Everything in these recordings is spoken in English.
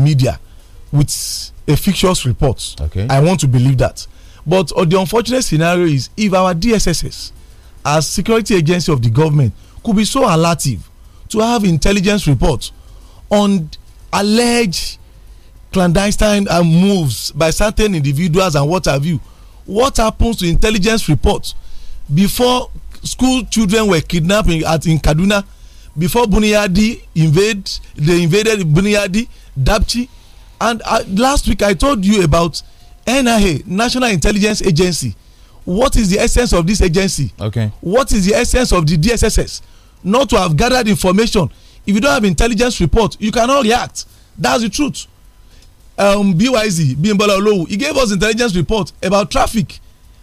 media with a fictitious report. Okay. I want to believe that. But uh, the unfortunate scenario is if our DSSS, as security agency of the government, could be so alertive to have intelligence reports on alleged clandestine uh, moves by certain individuals and what have you, what happens to intelligence reports before school children were kidnapped in, at, in Kaduna, before Bunyadi invade, they invaded Bunyadi, Dapchi. And uh, last week I told you about NIA, National Intelligence Agency. What is the essence of this agency? Okay. What is the essence of the DSSS? Not to have gathered information. If you don't have intelligence report, you cannot react. That's the truth. Um, BYZ, Bimbola Olowu, he gave us intelligence report about traffic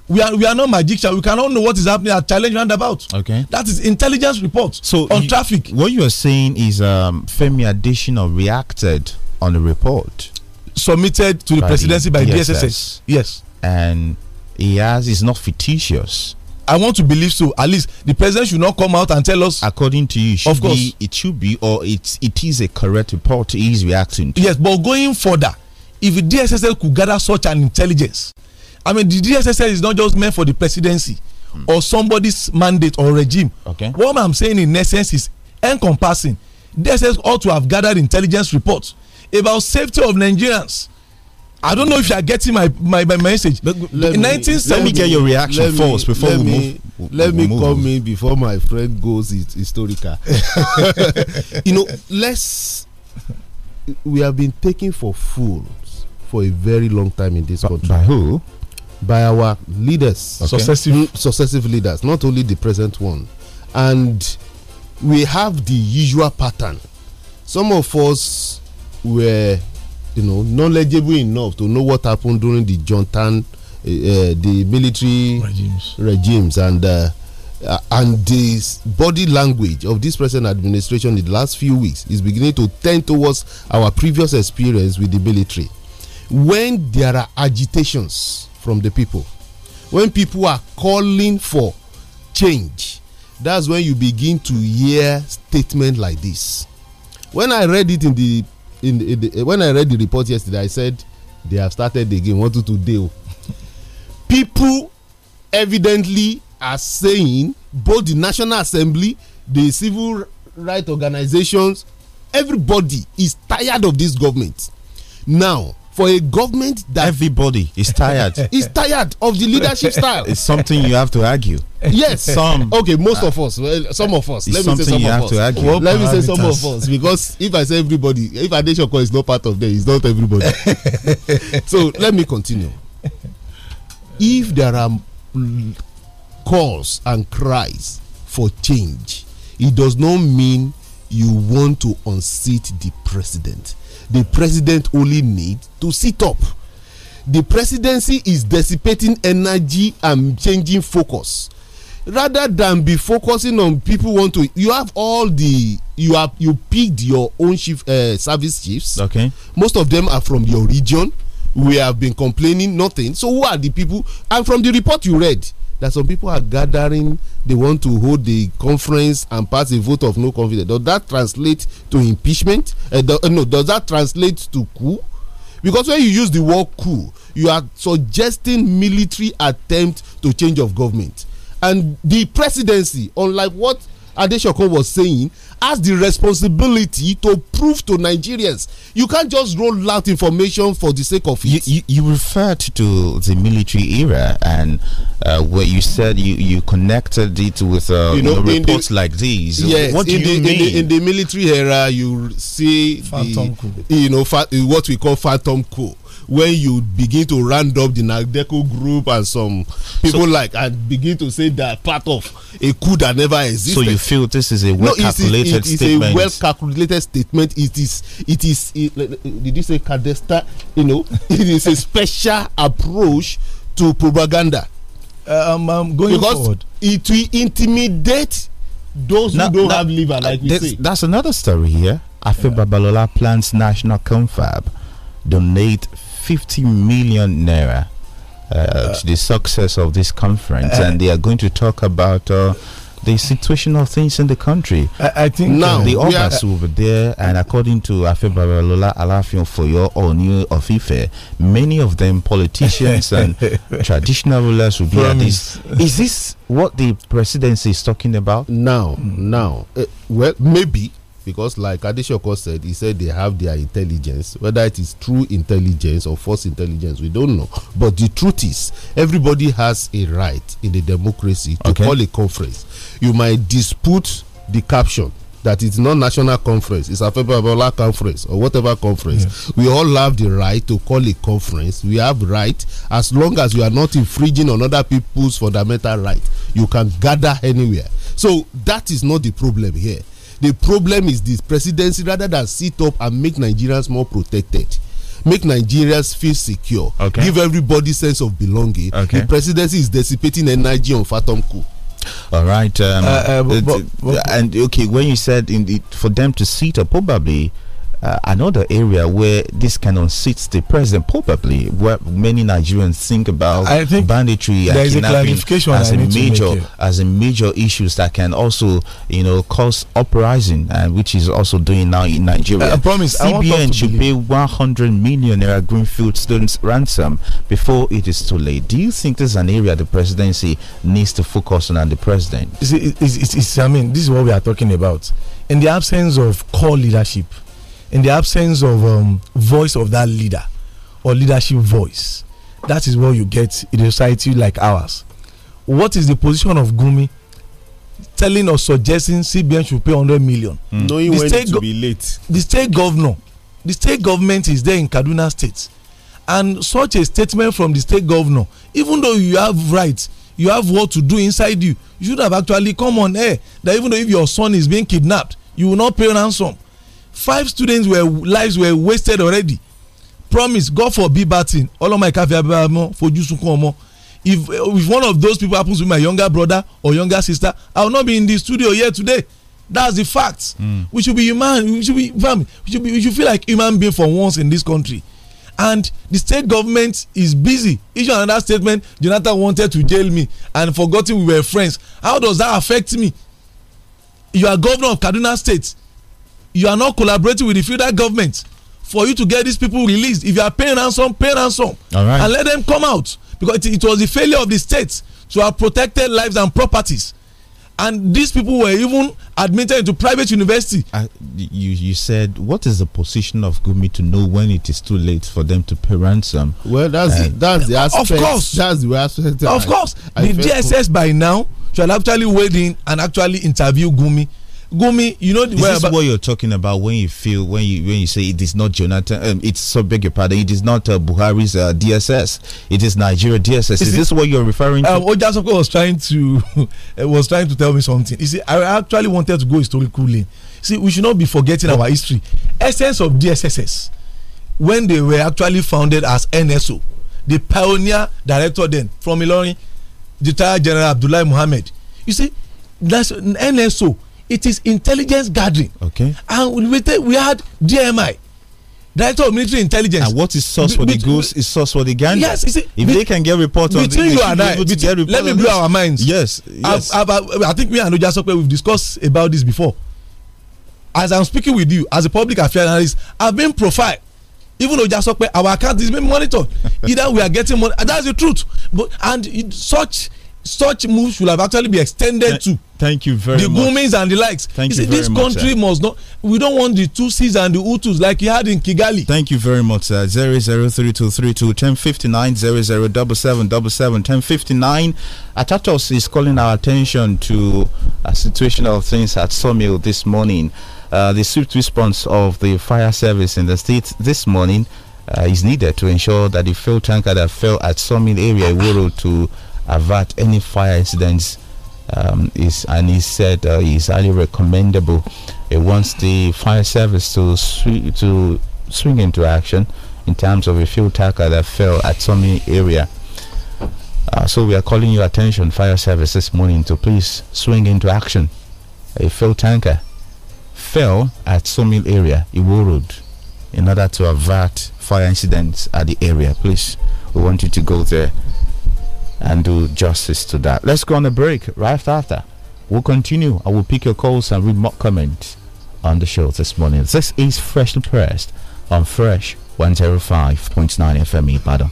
we are we are not magician we cannot know what is happening at challenge roundabout. okay that is intelligence report. so on you, traffic. what you are saying is um, femi adesina reacted on the report. submitted to the presidency by DSS. dss yes. and he has is not fictitious. I want to believe so. At least the president should not come out and tell us. According to you, of course, be, it should be, or it it is a correct report. He is reacting to. Yes, but going further, if the DSSL could gather such an intelligence, I mean, the DSSL is not just meant for the presidency mm. or somebody's mandate or regime. Okay. What I'm saying in essence is encompassing. DSS ought to have gathered intelligence reports about safety of Nigerians. I don't know if you are getting my my, my message. Let, let in let me get your reaction let first me, before we me, move. Let we me move. come in before my friend goes historical. you know, let's. We have been taken for fools for a very long time in this country. By who? by our leaders, okay. successive mm, successive leaders, not only the present one, and we have the usual pattern. Some of us were, you know, knowledgeable enough to know what happened during the Jontan, uh, eh, eh, the military regimes, regimes and. Uh, uh, and the body language of this present administration in the last few weeks is beginning to tend towards our previous experience with the military. When there are agitations, from the people. When people are calling for change, that's when you begin to hear statement like this. When I read it in the in, the, in the, eh, when I read the report yesterday, I said they have started again. What to deal? people evidently are saying both the National Assembly, the civil right organizations, everybody is tired of this government. Now, for a government that everybody is tired is tired of the leadership style it's something you have to argue yes some okay most uh, of us well, some of us let me say some of us let me say some of us because if i say everybody if call is not part of them it's not everybody so let me continue if there are calls and cries for change it does not mean you want to unseat the president the president only needs to sit up. The presidency is dissipating energy and changing focus. Rather than be focusing on people want to, you have all the you have you picked your own chief uh, service chiefs. Okay. Most of them are from your region. We have been complaining nothing. So who are the people? And from the report you read, that some people are gathering, they want to hold the conference and pass a vote of no confidence. Does that translate to impeachment? Uh, do, uh, no, does that translate to coup? Because when you use the word coup, you are suggesting military attempt to change of government. And the presidency, unlike what Adeshoko was saying, has the responsibility to prove to Nigerians. You can't just roll out information for the sake of it. You, you, you referred to the military era and uh, where you said you, you connected it with uh, you know, reports the, like these. Yes, what do in, you the, mean? In, the, in the military era, you see the, you know, what we call phantom coup when you begin to round up the Nadeco group and some people so, like and begin to say they're part of a coup that never existed. So you feel this is a well no, calculated it is, it is statement? It's a well calculated statement. It is, it is, it, eh, eh, did you say Cadesta? You know, it is a special approach to propaganda. Um, I'm going because forward. it will intimidate those now, who don't now, have liver, like we say. That's another story here. Afe yeah. plans national confab, donate 50 million naira uh, to the success of this conference, uh, and they are going to talk about uh, the situation of things in the country. I, I think now the others uh, over there, and according to Afe Babalola Alafion Foyo Oni of Ife, many of them politicians and traditional rulers will be at this. Is this what the presidency is talking about? Now, now, uh, well, maybe because like Adeshoko said, he said they have their intelligence. Whether it is true intelligence or false intelligence, we don't know. But the truth is, everybody has a right in a democracy to okay. call a conference. You might dispute the caption that it's not national conference, it's a federal conference or whatever conference. Yes. We all have the right to call a conference. We have right as long as you are not infringing on other people's fundamental right. You can gather anywhere. So that is not the problem here the problem is this presidency rather than sit up and make Nigerians more protected make nigerians feel secure okay. give everybody sense of belonging okay. the presidency is dissipating energy on fatom coup all right um, uh, uh, but, but, but, and okay when you said the, for them to sit up probably uh, another area where this kind of sits the president, probably where many Nigerians think about I think banditry and is a clarification as I a major as a major issues that can also you know cause uprising and uh, which is also doing now in Nigeria. Uh, I promise. CBN I should pay 100 million naira Greenfield students ransom before it is too late. Do you think this is an area the presidency needs to focus on and the president? It's, it's, it's, I mean, this is what we are talking about. In the absence of core leadership in the absence of um, voice of that leader or leadership voice that is what you get in a society like ours what is the position of gumi telling or suggesting cbn should pay hundred million. Mm. knowing the when to be late. the state governor the state government is there in kaduna state and such a statement from the state governor even though you have rights you have what to do inside you you should have actually come on air that even though if your son is being kidnapped you will not pay ransom five students were lives were wasted already promise god forbid bad thing ọlọ́mọ ìkàfẹ́ abẹ́bàmọ́ fojú sunkún ọmọ if if one of those people happens to be my younger brother or younger sister i will not be in the studio here today that's the fact. Mm. we should be human we should be family we should be we should feel like human being for once in this country and the state government is busy issue another statement jonathan wanted to jail me and forgotten we were friends how does that affect me you are governor of kaduna state you are not collaborating with the federal government for you to get these people released if you are paying ransom pay ransom and let them come out because it, it was the failure of the state to have protected lives and properties and these people were even admitted into private university. Uh, you you said what is the position of Gumi to know when it is too late for them to pay ransom? Well, that's uh, that's the aspect. Of course, that's the aspect. Of I, course, I the DSS by now should have actually weighed in and actually interview Gumi Gumi, you know this is what you're talking about when you feel when you when you say it is not Jonathan. Um, it's so beg your pardon. It is not uh, Buhari's uh, DSS. It is Nigeria DSS. Is, is this what you're referring to? That's um, of was trying to uh, was trying to tell me something. You see, I actually wanted to go historically. See, we should not be forgetting our history. Essence of DSSS when they were actually founded as NSO, the pioneer director then from Ilorin, retired General Abdullahi Muhammad. You see, that's NSO it is intelligence gathering. Okay. And we, we had DMI director of military intelligence. and what is source for the goods is source for the gander. yes you see if they can get report on this you and i between, let me blow our minds. yes yes i i i think me and ojasope we've discussed about this before as i'm speaking with you as a public affairs analyst i've been profiled even ojasope our account is being monitored either we are getting money that's the truth but and it, such such moves should have actually been extended Th to. Thank you very the much. The Gumis and the likes. Thank you, see, you very this country must not. We don't want the Tutsis and the Hutus like you had in Kigali. Thank you very much, Zero zero three two three two ten fifty nine zero zero double seven double seven ten fifty nine. Atatos is calling our attention to a situation of things at Sawmill this morning. Uh, the swift response of the fire service in the state this morning uh, is needed to ensure that the fuel tanker that fell at Sawmill area Woro to avert any fire incidents. Um, is and he said uh, highly recommendable. He wants the fire service to to swing into action in terms of a fuel tanker that fell at Tommy area. Uh, so we are calling your attention, fire service, this morning to please swing into action. A fuel tanker fell at Somil area, Iwo Road, in order to avert fire incidents at the area. Please, we want you to go there and do justice to that. Let's go on a break right after. We'll continue. I will pick your calls and read more comments on the show this morning. This is Freshly Pressed on Fresh 105.9 FM Ibadan.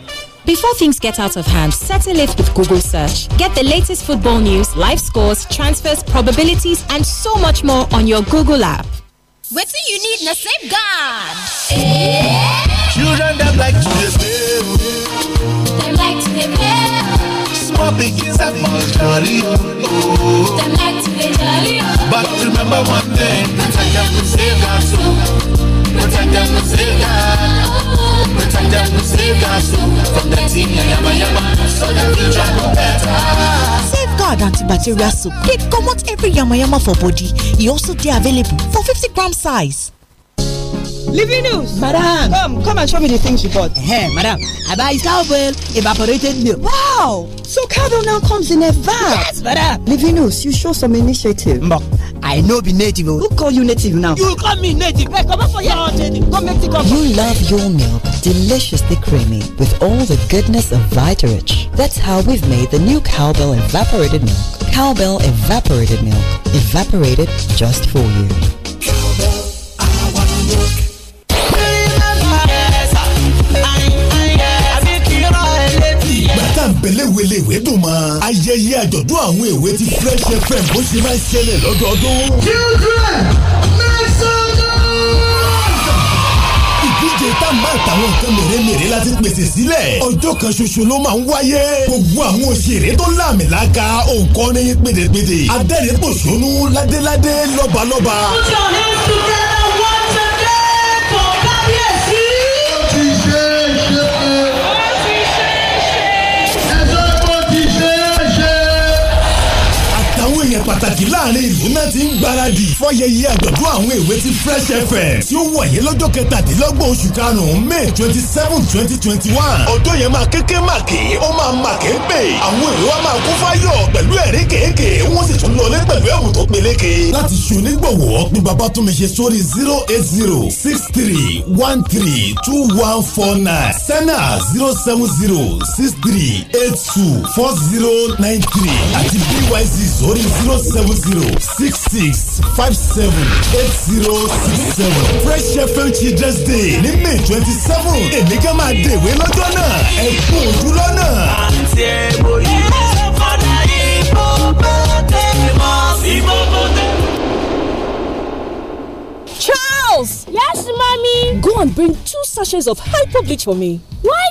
Before things get out of hand, settle it with Google search. Get the latest football news, live scores, transfers, probabilities, and so much more on your Google app. What do you need in na safeguard. Children that like to play they like to play o. Small pikin sabi jolly o. Oh. Dem like to dey jolly oh. But remember one thing, protect dem from safeguard too. Protect dem from safeguard. Protect them to save our from the thing yama yama so that future go better. Safeguard antibacterial soap dey comot every yamayama for body. E also dey available for 50 gram size. Livinus! Madam! Come, come and show me the things you bought. Hey, madam, I buy cowbell, evaporated milk. Wow! So cowbell now comes in a van. Yes, madam! Livinus, you show some initiative. Mbok. i know be native oh. who call you native now. you call me native. Hey, come for your native. make You love your milk deliciously creamy with all the goodness of Vitarich. That's how we've made the new Cowbell evaporated milk. Cowbell evaporated milk, evaporated just for you. ìpele ìwé dùn mọ́. ayẹyẹ àjọ̀dún àwọn èwe ti Fresh FM bó ṣe máa ń ṣẹlẹ̀ lọ́dọọdún. children make some ìdíje tá a máa tàwọn nǹkan mèremère láti pèsè sílẹ̀. ọjọ́ kan ṣoṣo ló máa ń wáyé. gbogbo àwọn òṣèré tó láàmìlàaka òǹkọ́ni pédèpédè. adẹ́rìn pòṣónú ládéládé lọ́balọ́ba. ó ti ọ̀nẹ́ ìṣẹ̀lẹ̀ pàtàkì láàrin ìlú náà ti ń gbáradì fọ́yẹyẹ àgbàdo àwọn èwe ti fresh fm tí ó wọ̀nyé lọ́jọ́ kẹtàdínlọ́gbọ̀n oṣù karùn-ún may twenty seven twenty twenty one ọjọ́ yẹn máa kéké màkì ó máa màkì ń pè àwọn èrè wa máa kún fáyọ̀ pẹ̀lú ẹ̀rí kéèké wọ́n sì tún lọlé pẹ̀lú ẹ̀wù tó peléke. láti ṣonígbọ̀wọ́ ni bàbá tún mi ṣe sórí zero eight zero six three one three two one four nine sena zero seven zero six three eight two four zero nine three àti byz sórí zero. zero seven zero six six five seven eight zero six seven Fresh FM Children's Day ní May twenty seven èmi kan máa dèwé lọ́jọ́ náà ẹ kú ojú lọ́nà. àǹtí ẹ̀ mo Charles! Yes, mommy? Go and bring two sachets of hyper bleach for me. Why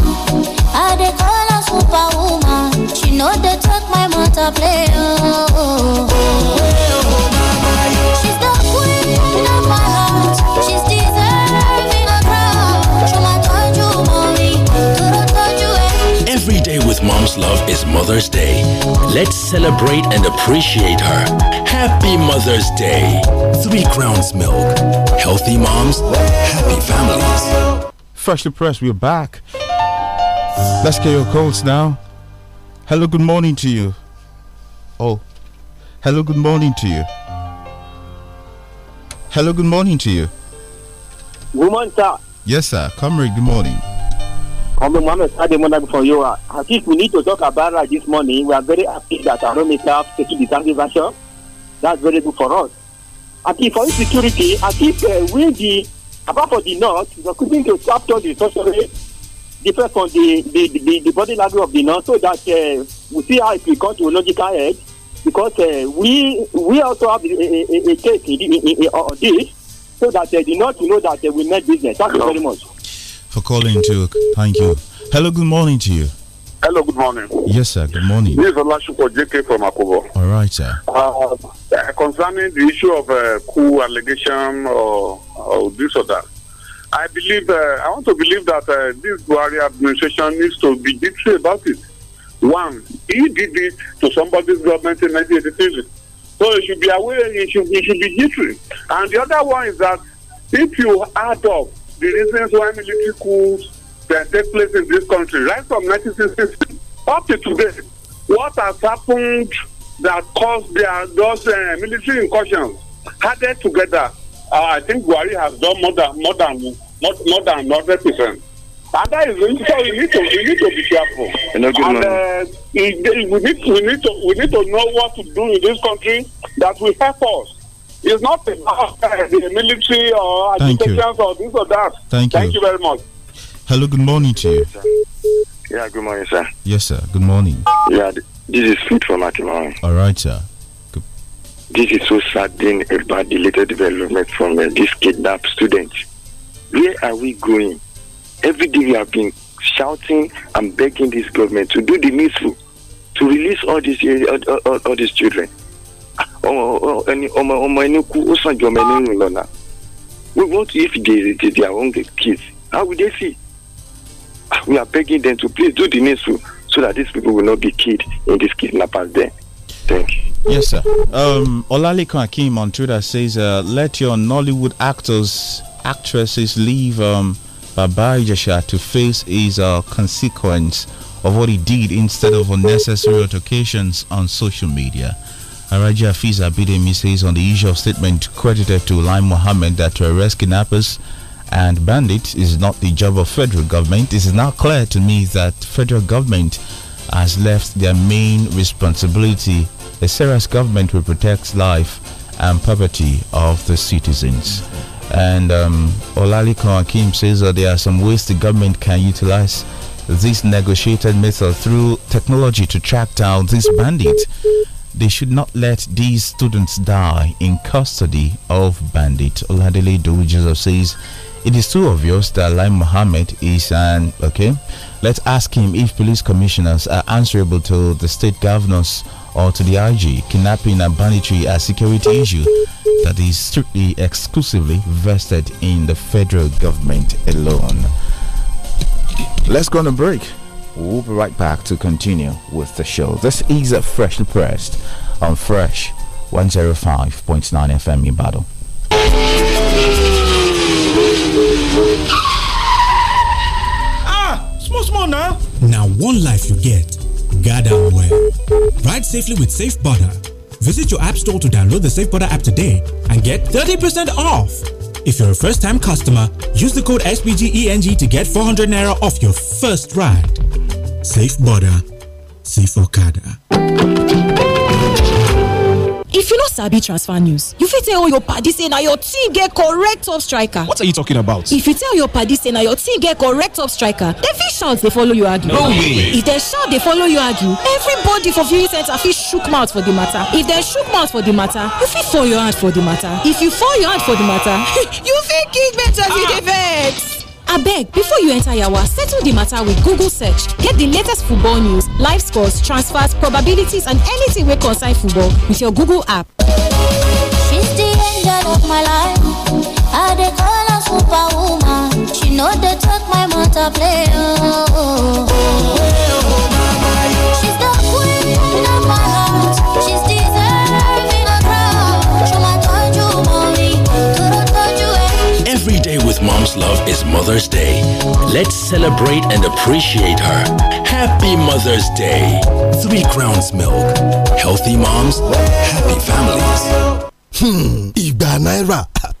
I call her superwoman. She know they talk my mother play. Oh. Oh, Every day with mom's love is Mother's Day. Let's celebrate and appreciate her. Happy Mother's Day. Three crowns milk. Healthy moms, happy families. Freshly pressed, we're back. Let's get your calls now. Hello, good morning to you. Oh, hello, good morning to you. Hello, good morning to you. Good morning, sir. Yes, sir. Comrade, good morning. Comrade Mohammed Sademonag for Yoa. I think we need to talk about that this morning. We are very happy that our own staff taking the sanitary version. That's very good for us. I think for insecurity, I think uh, we, be, apart from the north, we are going to capture the social rate depends on the, the, the, the body language of the nurse so that uh, we see how it will come to logical head because uh, we we also have a, a, a case uh, on this so that uh, the nurse will know that uh, we make business. Thank Hello. you very much. For calling, too. Thank you. Hello, good morning to you. Hello, good morning. Yes, sir, good morning. This is Olashuko JK from Akobo. All right, sir. Uh, concerning the issue of uh, coup allegation or, or this or that, I believe, uh, I want to believe that uh, this Buhari administration needs to be jittery about it. One, he did this to somebody's government in 1983. So it should be aware, it should, it should be different. And the other one is that if you add up the reasons why military coups that take place in this country, right from 1966 up to today, what has happened that caused their, those uh, military incursions added together uh, I think Buhari has done more than more than more, more than hundred percent. And that is so we need to we need to be careful. And, uh, we, need we need to we need to know what to do in this country that will help us. It's not about uh, the military or agitations or this or that. Thank, you. Thank you very much. Hello, good morning to you. Yeah, good morning, sir. Yes, sir. Good morning. Yeah, this is food my tomorrow. All right, sir. This is so saddening about the latest development from uh, this kidnapped student. Where are we going? Every day we have been shouting and begging this government to do the needful, to release all these uh, all, all, all, these children. Ah, we want to, if they, they, they are own kids, how will they see? Ah, we are begging them to please do the needful so that these people will not be killed in this kidnappers' there. Thank you. Yes, sir. Um, Olalekan Akim on Twitter says, uh, "Let your Nollywood actors, actresses leave um, Baba Ijesha to face his uh, consequence of what he did instead of unnecessary altercations on social media." Araja Afiz Abidemi says on the issue of statement credited to Lai Mohammed that to arrest kidnappers and bandits is not the job of federal government. It is now clear to me that federal government has left their main responsibility. The Serras government will protect life and property of the citizens. And um, Olaliko Akim says that there are some ways the government can utilize this negotiated method through technology to track down these bandits. They should not let these students die in custody of bandits. Oladele Dowijizov says it is too obvious that Lai Mohammed is an okay. Let's ask him if police commissioners are answerable to the state governors or to the IG. Kidnapping and banditry are security issue that is strictly exclusively vested in the federal government alone. Let's go on a break. We'll be right back to continue with the show. This is a freshly pressed on Fresh 105.9 FM in battle. Now, one life you get, gather well. Ride safely with Safe Visit your app store to download the Safe app today and get 30% off. If you're a first time customer, use the code SBGENG to get 400 Naira off your first ride. Safe Butter, Safe Okada if you no sabi transfer news you fit tell all your padi say na your team get correct top striker what are you talking about if you tell your padi say na your team get correct top striker dem fit shout dey follow you argue no way if dem shout dey follow you argue everybody for viewing centre fit shook mouth for di matter if dem shook mouth for di matter you fit fall your hand for di matter if you fall your hand for di matter you fit kick me as you dey vex abeg before you enter yawa settle the matter with google search get the latest football news live scores transfers probabilities and anything wey concern football with your google app. she's the angel of my life i dey call her superwoman she no dey my matter play Oh, oh, oh. mom's love is Mother's Day. Let's celebrate and appreciate her. Happy Mother's Day. Three Crowns Milk. Healthy moms, happy families. Hmm, Iba Naira.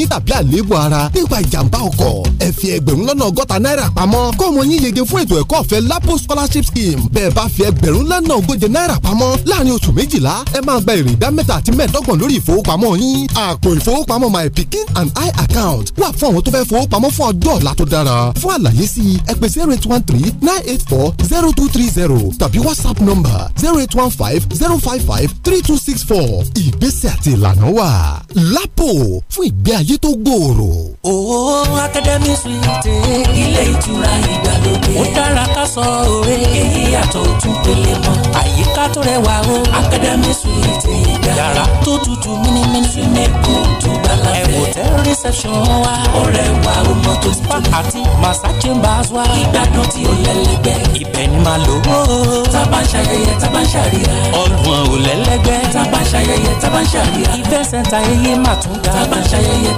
y yín tàbí àléébù ara nípa ìjàmbá ọkọ̀ ẹ fi ẹgbẹ̀rún lọ́nà ọgọ́ta náírà pamọ́ kọ́mọ yín yege fún ètò ẹ̀kọ́ ọ̀fẹ́ lapo scholarship scheme bẹ́ẹ̀ bá fi ẹgbẹ̀rún lọ́nà ogóje náírà pamọ́ láàrin oṣù méjìlá ẹ máa gba èrè ìdá mẹ́ta àti mẹ́ẹ̀ẹ́dọ́gbọ̀n lórí ìfowópamọ́ yín àpò ìfowópamọ́ my pikin and i account wà fún àwọn tó fẹ́ fowópamọ́ fún ọjọ́ ọ̀la tó dára fún àlàyé sí i zero eight one three nine eight four zero two three zero tàbí whatsapp number zero eight one five zero five five three two six four ìgbésẹ̀ àti ìlànà wà lápò fún ìgbé ayé ayé tó gbòòrò. o akademi suite ilé ìtura ìgbàlódé. ó dára ká sọ òwe èyí yàtọ̀ òtún pélé mọ́. àyíká tó rẹwà o akademi suite ìgbà. yàrá tó tutù mímímí. swimming pool tó gbala fẹ́. hotel reception wa. ọ̀rẹ́ wa o mọ tó ti tó. àti massa chambers wa. ìgbádùn tí ó lẹ́lẹ́gbẹ́. ibẹ̀ ni màá lò. tábà ń ṣayẹyẹ tábà ń ṣàríyá. ọgbọ̀n ò lẹ́lẹ́gbẹ́. tábà ń ìfẹsẹ̀ta ẹyẹ mà tún ga. tábà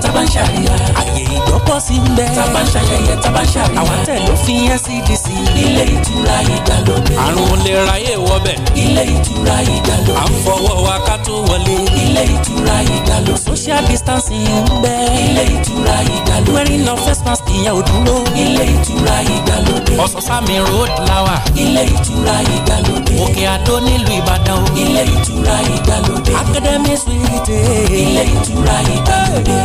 tábà ń ṣàríyá. àyè ìgbọ́kọ̀ sí ń bẹ. tábà ń ṣayẹyẹ tábà ń ṣàríyá. àwọn tẹ̀ ló fi NCDC. E ilé ìtura ìdàlódé. àrùn olè ráyè wọbẹ̀. ilé ìtura ìdàlódé. à ń fọwọ́ wa ká tó wọlé. ilé ìtura ìdàlódé. social distancing ń bẹ. ilé ìtura ìtura ìdàlódé. wẹ́rin lọ pass dúró. ilé ìtura ìdàlódé. road lawa. ilé ìtura ìdàlódé. òkè àdó nílùú ìbàdàn o. ilé ìtura ìdàlódé. academy suite. ilé ìtura ìdàlódé.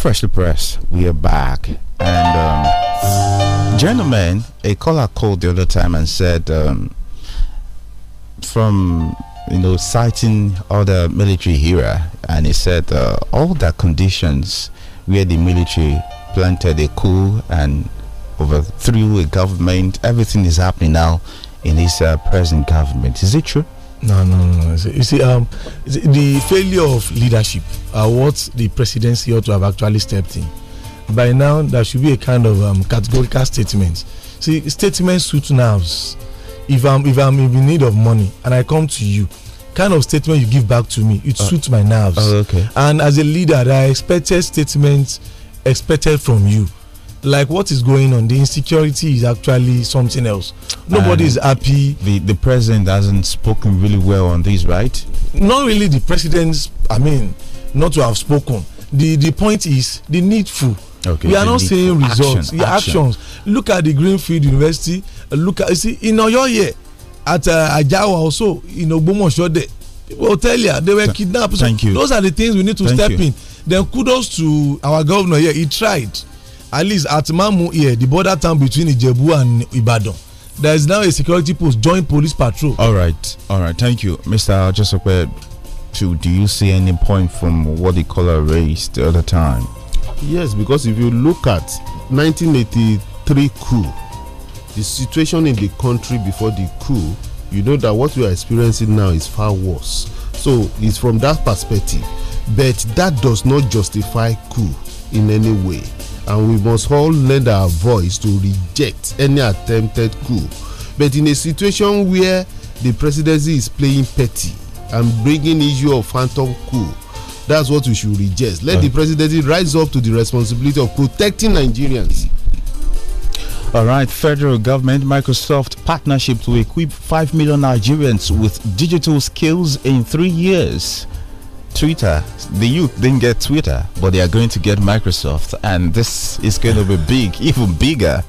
freshly pressed we are back and um, gentlemen a caller called the other time and said um, from you know, citing other military hero, and he said uh, all the conditions where the military planted a coup and overthrew a government, everything is happening now in this uh, present government. Is it true? No, no, no. You see, um, the failure of leadership are what the presidency ought to have actually stepped in. By now, there should be a kind of um, categorical statement. See, statements suit nerves if i'm if i'm in need of money and i come to you kind of statement you give back to me it uh, suits my nerves uh, okay. and as a leader i expected statements expected from you like what is going on the insecurity is actually something else nobody is happy the the president hasn't spoken really well on this right not really the president's. i mean not to have spoken the the point is the needful Okay, we are not seeing results. Action, action. actions. Look at the Greenfield University. Look at you see in Oyo here, at uh, Ajawa also in Ogbomosho there. People tell you they were kidnapped. Thank so you. Those are the things we need to Thank step you. in. Then kudos to our governor here. He tried. At least at Mamu here, the border town between Ijebu and Ibadan there is now a security post joint police patrol. all right all right thank you mr joseph do you see any point from what the caller raised the other time Yes, because if you look at 1983 coup, the situation in the country before the coup, you know that what we are experiencing now is far worse. So it's from that perspective. But that does not justify coup in any way. And we must all lend our voice to reject any attempted coup. But in a situation where the presidency is playing petty and bringing issue of phantom coup that's what we should reject. Let the presidency rise up to the responsibility of protecting Nigerians. All right, federal government Microsoft partnership to equip 5 million Nigerians with digital skills in three years. Twitter, the youth didn't get Twitter, but they are going to get Microsoft, and this is going to be big, even bigger.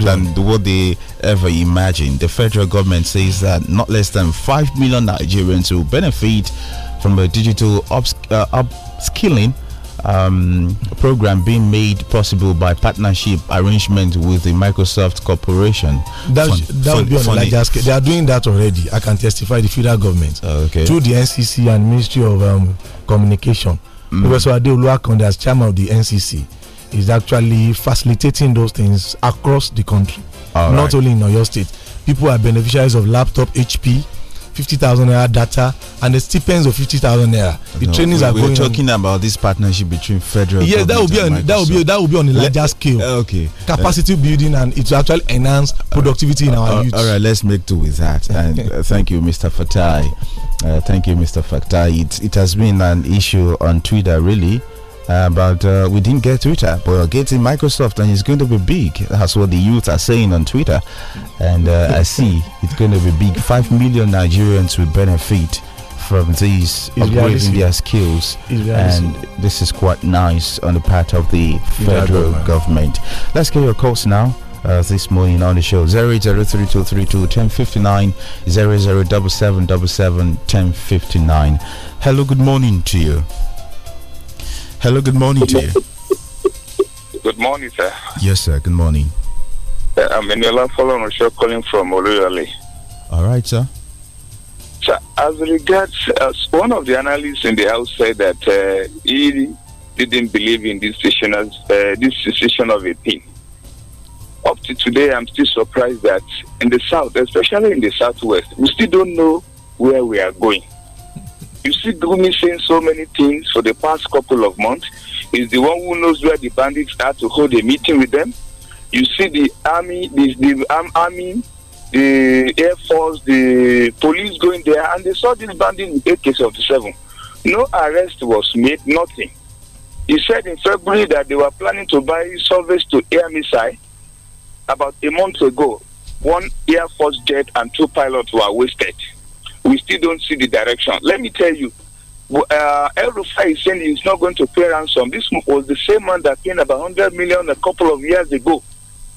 than what they ever imagined. The federal government says that not less than 5 million Nigerians will benefit from a digital ups, uh, upskilling um, program being made possible by partnership arrangement with the Microsoft Corporation. That, fun, that fun, would be on funny. They are doing that already. I can testify the federal government okay. through the NCC and Ministry of um, Communication. Mm. Professor Adeoluwakonde, as chairman of the NCC, is actually facilitating those things across the country, All not right. only in our state. People are beneficiaries of laptop, HP, 50,000 naira data and the stipends of 50,000 naira. The no, trainings we, are going talking on. about this partnership between federal Yes, that will be on that will be that will be on a larger scale. Uh, okay. Capacity uh, building and it will actually enhance uh, productivity uh, in our uh, youth. All right, let's make do with that. And uh, thank you Mr. Fatai. thank you Mr. Fatai. It it has been an issue on Twitter really. Uh, but uh, we didn't get Twitter, but we're getting Microsoft, and it's going to be big. That's what the youth are saying on Twitter, and uh, I see it's going to be big. Five million Nigerians will benefit from these upgrading their skills, and this is quite nice on the part of the federal government. Let's get your calls now. Uh, this morning on the show Zero zero three two three two ten fifty nine zero zero double seven double seven ten fifty nine. hello good morning to you Hello, good morning to you. Good morning, sir. Yes, sir, good morning. Uh, I'm Eniola Fallon show calling from Oluyale. All right, sir. Sir, as regards, as one of the analysts in the house said that uh, he didn't believe in this decision, as, uh, this decision of a thing. Up to today, I'm still surprised that in the south, especially in the southwest, we still don't know where we are going. You see Gumi saying so many things for the past couple of months. He's the one who knows where the bandits are to hold a meeting with them. You see the army, the, the um, army, the air force, the police going there, and they saw this bandit of AK-47. No arrest was made, nothing. He said in February that they were planning to buy service to air missile about a month ago. One Air Force jet and two pilots were wasted we still don't see the direction. Let me tell you, uh, El Rufai is saying he's not going to pay ransom. This was the same man that paid about 100 million a couple of years ago.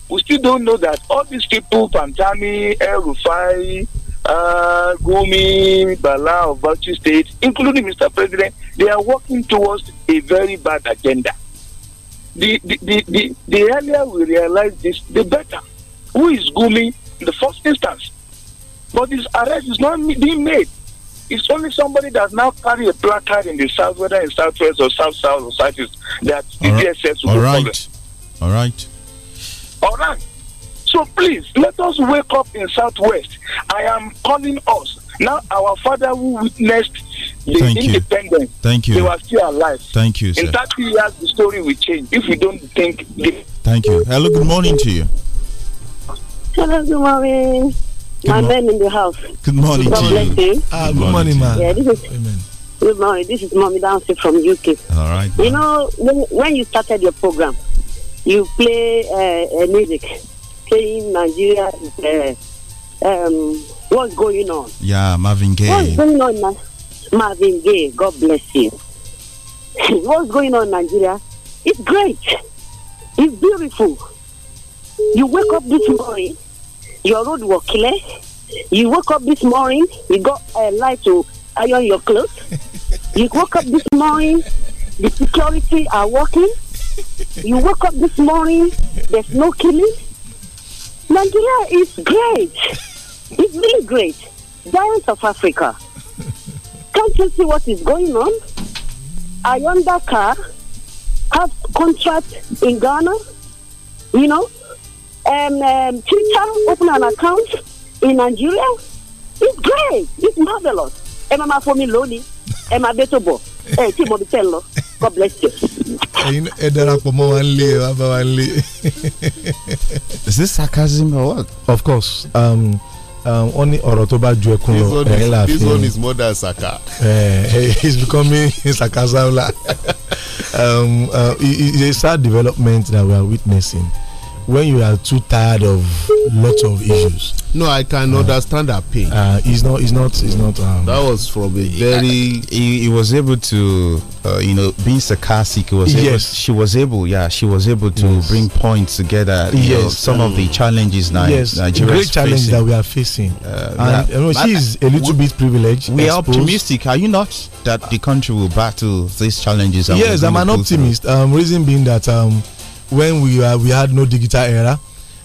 We still don't know that all these people, Pantami, El Rufai, uh, Gumi, Bala of Bauchi State, including Mr. President, they are working towards a very bad agenda. The, the, the, the, the earlier we realize this, the better. Who is Gumi in the first instance? But this arrest is not being made. It's only somebody that now carry a placard in the south, whether in southwest or south south or southeast, that the DSS will All right. All right. All right. So please let us wake up in southwest. I am calling us now. Our father who witnessed the Thank independence, you. Thank you. they were still alive. Thank you. Sir. In thirty years, the story will change if we don't think. Thank you. Hello. Good morning to you. Hello. Good morning. Good men in the house. Good morning God bless you. Ah, good, good morning, man. Yeah, this is, Amen. Good morning. This is Mommy Dancy from UK. All right. Man. You know, when, when, you started your program, you play uh, uh, music, playing Nigeria. Uh, um, what's going on? Yeah, Marvin Gaye. What's going on, Marvin Gaye? God bless you. what's going on, Nigeria? It's great. It's beautiful. You wake up this morning your road was clear. You woke up this morning, you got a light to iron your clothes. you woke up this morning, the security are working. You woke up this morning, there's no killing. Nigeria is great. It's really great. Giants of Africa. Can't you see what is going on? Ayonda Car have contract in Ghana. You know, um, um, Twitter, open an account in Nigeria. It's great. It's marvelous. Emma ma for me ẹ Emma bẹ́tò bọ̀, tí mo fi tẹ̀ God bless you. ẹyin ẹ darapọ̀ mọ́ wa nílé ẹ wá bá wa ba wa Is this sarcasm or what? Of course. Um, um, ní ọ̀rọ̀ tó bá ju ẹkún lọ ẹ̀rín la this one is more than saka. he becoming sakasaula um, uh, it is a sad development that we are witnessing when you are too tired of lots of issues. No, I can uh, understand that pain. Uh, it's not. It's not. It's not. Um, that was from a very. He, he was able to, uh, you know, being sarcastic. Was yes. she was able. Yeah, she was able to yes. bring points together. yes. Know, some of the challenges now. Yes. Nigeria great challenges that we are facing. Uh, and, you know, she is a little bit privileged. We exposed. are optimistic. Are you not? That the country will battle these challenges. yes, I'm an optimist. Um, reason being that um, when we uh, we had no digital era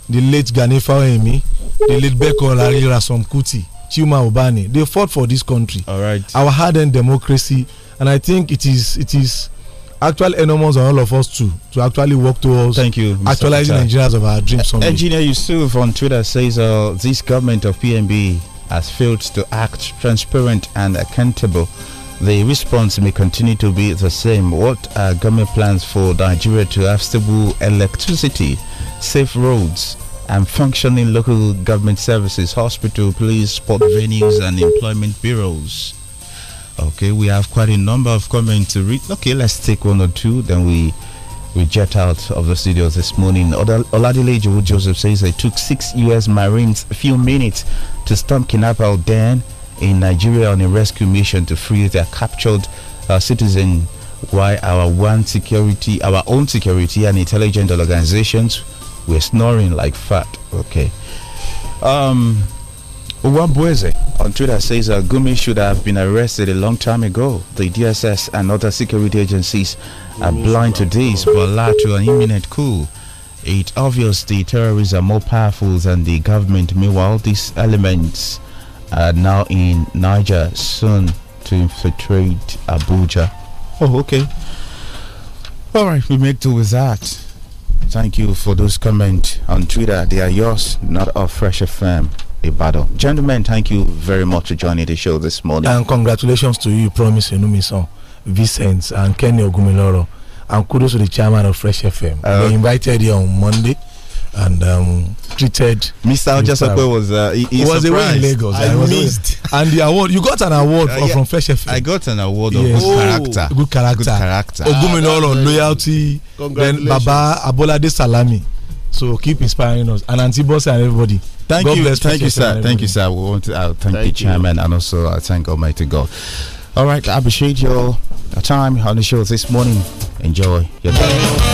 the late Gani Fawemi the late Beko Olari Rasom Kuti Chima Obani they fought for this country all right our hardened democracy and I think it is it is actual enormous on all of us to to actually work towards thank you Mr. actualizing Peter. Nigerians of our dreams someday. engineer yusuf on twitter says uh, this government of pnb has failed to act transparent and accountable the response may continue to be the same. What are government plans for Nigeria to have stable electricity, safe roads, and functioning local government services, hospital, police, sport venues, and employment bureaus? Okay, we have quite a number of comments to read. Okay, let's take one or two, then we we jet out of the studio this morning. Oladile Joseph says it took six U.S. Marines a few minutes to stomp kidnap Dan in Nigeria on a rescue mission to free their captured uh, citizen. Why our one security, our own security and intelligence organizations were snoring like fat. Okay. Um, on Twitter says uh, Gumi should have been arrested a long time ago. The DSS and other security agencies are blind to this, but alert to an imminent coup. It's obvious the terrorists are more powerful than the government. Meanwhile, these elements uh, now in Niger, soon to infiltrate Abuja. Oh, okay. All right, we make do with that. Thank you for those comments on Twitter. They are yours, not of Fresh FM. battle, Gentlemen, thank you very much for joining the show this morning. And congratulations to you, Promise Enumison, Vicence, and Kenny Ogumiloro. And kudos to the chairman of Fresh FM. Uh, they invited you on Monday and um, treated. Mr. Ojasope was uh, he, he was away in Lagos. I, I missed. and the award you got an award uh, yeah. from Fresh FM. I got an award of yes. good character. Good character. Good character. Oguminoro ah, on loyalty. Then Baba Abolade Salami. So keep inspiring us and Auntie Boss and everybody. Thank God you, bless thank you, sir. Thank you, sir. We want to uh, thank, thank, the chairman you. and also uh, thank Almighty God. All right, I appreciate your time on the show this morning. Enjoy your day.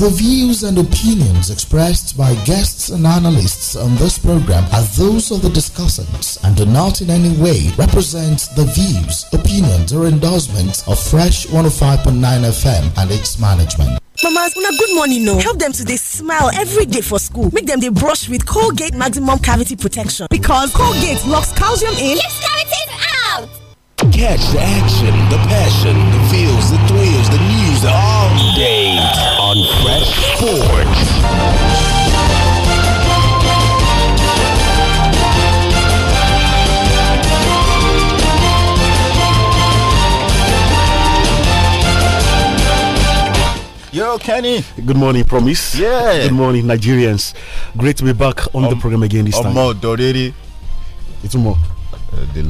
The views and opinions expressed by guests and analysts on this program are those of the discussants and do not in any way represent the views, opinions, or endorsements of Fresh 105.9 FM and its management. Mamas, una good morning, no. Help them to they smile every day for school. Make them they brush with Colgate Maximum Cavity Protection because Colgate locks calcium in. Keeps cavities out. Catch the action, the passion, the feels, the thrills, the news update on Fresh Sports. Yo, Kenny. Good morning, Promise. Yeah. Good morning, Nigerians. Great to be back on um, the program again this um, time. It's more. Uh, they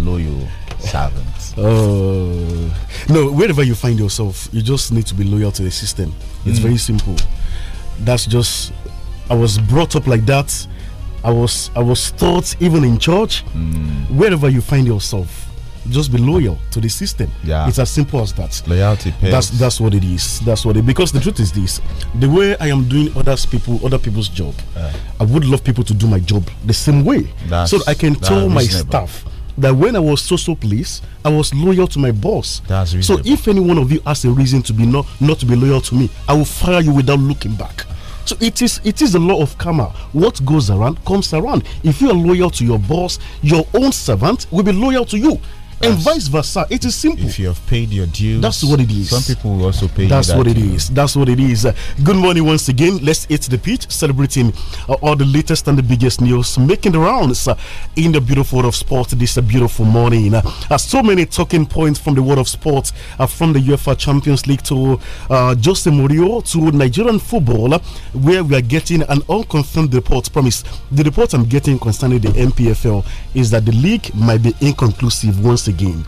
Servants. Oh. No, wherever you find yourself, you just need to be loyal to the system. It's mm. very simple. That's just, I was brought up like that. I was I was taught even in church, mm. wherever you find yourself, just be loyal to the system. Yeah. It's as simple as that. Loyalty pays. That's that's what it is. That's what it because the truth is this the way I am doing other people other people's job, uh, I would love people to do my job the same way. so I can tell my staff that when I was so so pleased, I was loyal to my boss. That's reasonable. So if any one of you has a reason to be not not to be loyal to me, I will fire you without looking back. So it is it is the law of karma. What goes around comes around. If you are loyal to your boss, your own servant will be loyal to you and vice versa. It is simple. If you have paid your dues, that's what it is. Some people will also pay. That's what it deal. is. That's what it is. Uh, good morning once again. Let's hit the pitch, celebrating uh, all the latest and the biggest news making the rounds uh, in the beautiful world of sport. This a uh, beautiful morning. Uh, uh, so many talking points from the world of sport, from the UEFA Champions League to Jose Mourinho to Nigerian football, where we are getting an unconfirmed report. Promise. The report I'm getting concerning the MPFL is that the league might be inconclusive once again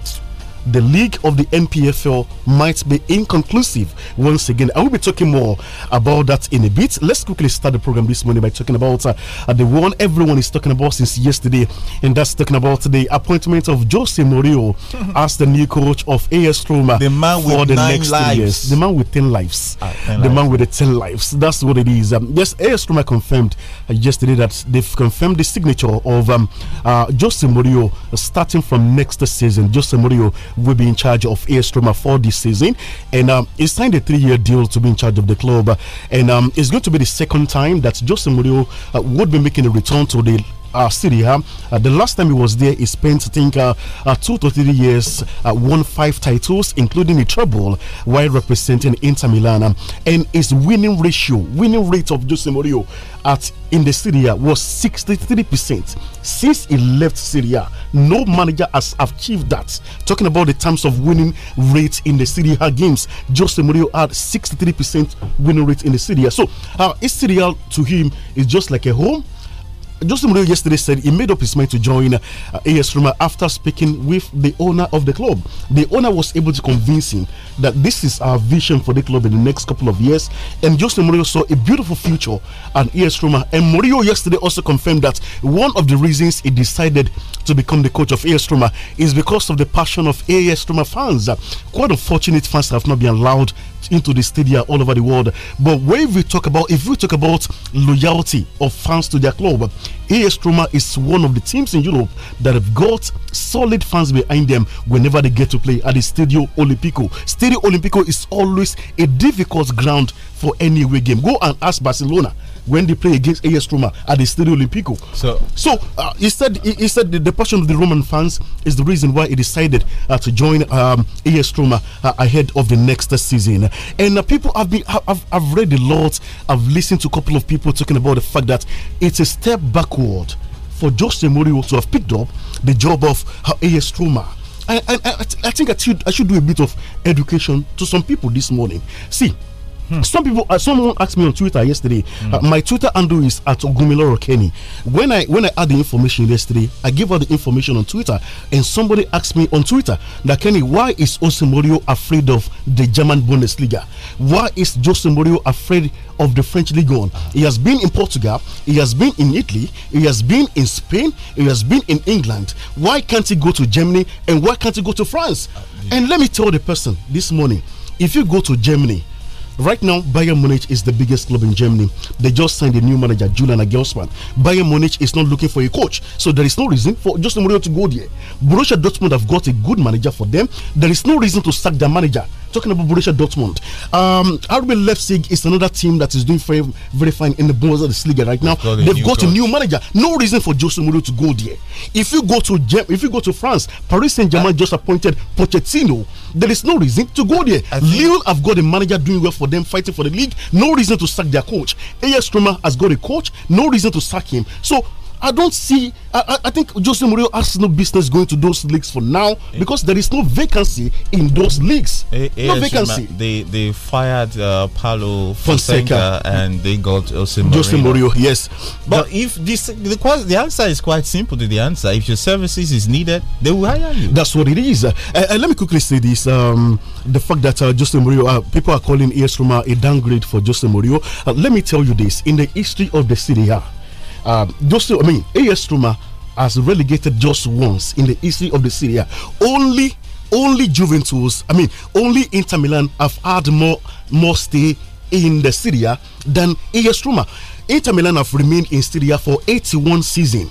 the league of the NPFL might be inconclusive once again. I will be talking more about that in a bit. Let's quickly start the program this morning by talking about uh, the one everyone is talking about since yesterday, and that's talking about the appointment of Jose Mourinho as the new coach of AS Roma the man for the next lives. two years. The man with 10 lives. Ah, ten the lives. man with the 10 lives. That's what it is. Um, yes, AS Roma confirmed uh, yesterday that they've confirmed the signature of um, uh, Jose Mourinho starting from next season. Jose Mourinho will be in charge of Airstrom for this season. And um, he signed a three year deal to be in charge of the club. And um, it's going to be the second time that Jose Mourinho uh, would be making a return to the uh, Syria. Uh, the last time he was there, he spent, I think, uh, uh two to three years, uh, won five titles, including the treble, while representing Inter Milan. and his winning ratio, winning rate of Jose Mourinho at in the Syria was 63%. Since he left Syria, no manager has achieved that. Talking about the terms of winning rate in the Syria games, Jose Mourinho had 63% winning rate in the Syria. So, uh, Syria to him is just like a home. Justin Mourinho yesterday said he made up his mind to join uh, AS Roma after speaking with the owner of the club. The owner was able to convince him that this is our vision for the club in the next couple of years. And Justin Mourinho saw a beautiful future at AS Roma. And Mourinho yesterday also confirmed that one of the reasons he decided to become the coach of AS Roma is because of the passion of AS Roma fans. Uh, quite unfortunate fans have not been allowed into the stadia all over the world. But when we talk about, if we talk about loyalty of fans to their club, AS Roma is one of the teams in Europe that have got solid fans behind them whenever they get to play at the Stadio Olimpico. Stadio Olimpico is always a difficult ground for any away game. Go and ask Barcelona when they play against AS Roma at the Stadio Olimpico. So, so uh, he said he, he said the, the, passion of the Roman fans is the reason why he decided uh, to join um, AS Roma uh, ahead of the next season. And uh, people have been I've, have read a lot. I've listened to a couple of people talking about the fact that it's a step backward for Jose Mourinho to have picked up the job of uh, AS Roma. I, I, I, I think I should, I should do a bit of education to some people this morning. See, Hmm. Some people, uh, someone asked me on Twitter yesterday. Hmm. Uh, my Twitter handle is at Ogumiloro Kenny. When I when I had the information yesterday, I gave out the information on Twitter, and somebody asked me on Twitter that Kenny, why is Osimorio afraid of the German Bundesliga? Why is Jose Mourinho afraid of the French League One? He has been in Portugal, he has been in Italy, he has been in Spain, he has been in England. Why can't he go to Germany and why can't he go to France? Uh, yeah. And let me tell the person this morning if you go to Germany Right now, Bayern Munich is the biggest club in Germany. They just signed a new manager, Julian Nagelsmann. Bayern Munich is not looking for a coach, so there is no reason for justin Mourinho to go there. Borussia Dortmund have got a good manager for them. There is no reason to sack their manager. Talking about Borussia Dortmund, um, RB Leipzig is another team that is doing very, very fine in the Bundesliga right now. They've got coach. a new manager. No reason for Jose Mourinho to go there. If you go to if you go to France, Paris Saint Germain just appointed Pochettino. There is no reason to go there. Lille have got a manager doing well for them, fighting for the league. No reason to sack their coach. AS Roma has got a coach. No reason to sack him. So I don't see. I, I, think Jose Mourinho has no business going to those leagues for now eh. because there is no vacancy in those leagues. A eh, eh, no vacancy. They they fired uh, Paulo Fonseca, and they got Jose Mourinho. Jose Mourinho, yes. But now, if this the the answer is quite simple to the answer. If your services is needed, they will hire you. That's what it is. Uh, uh, uh let me quickly say this: um, the fact that uh, Jose Mourinho, uh, people are calling AS Roma a downgrade for Jose Mourinho. Uh, let me tell you this: in the history of the Serie um, those I mean, AS Roma has relegated just once in the history of the Serie Only, only Juventus, I mean, only Inter Milan have had more more stay in the Serie than AS Roma. Inter Milan have remained in Serie for 81 season.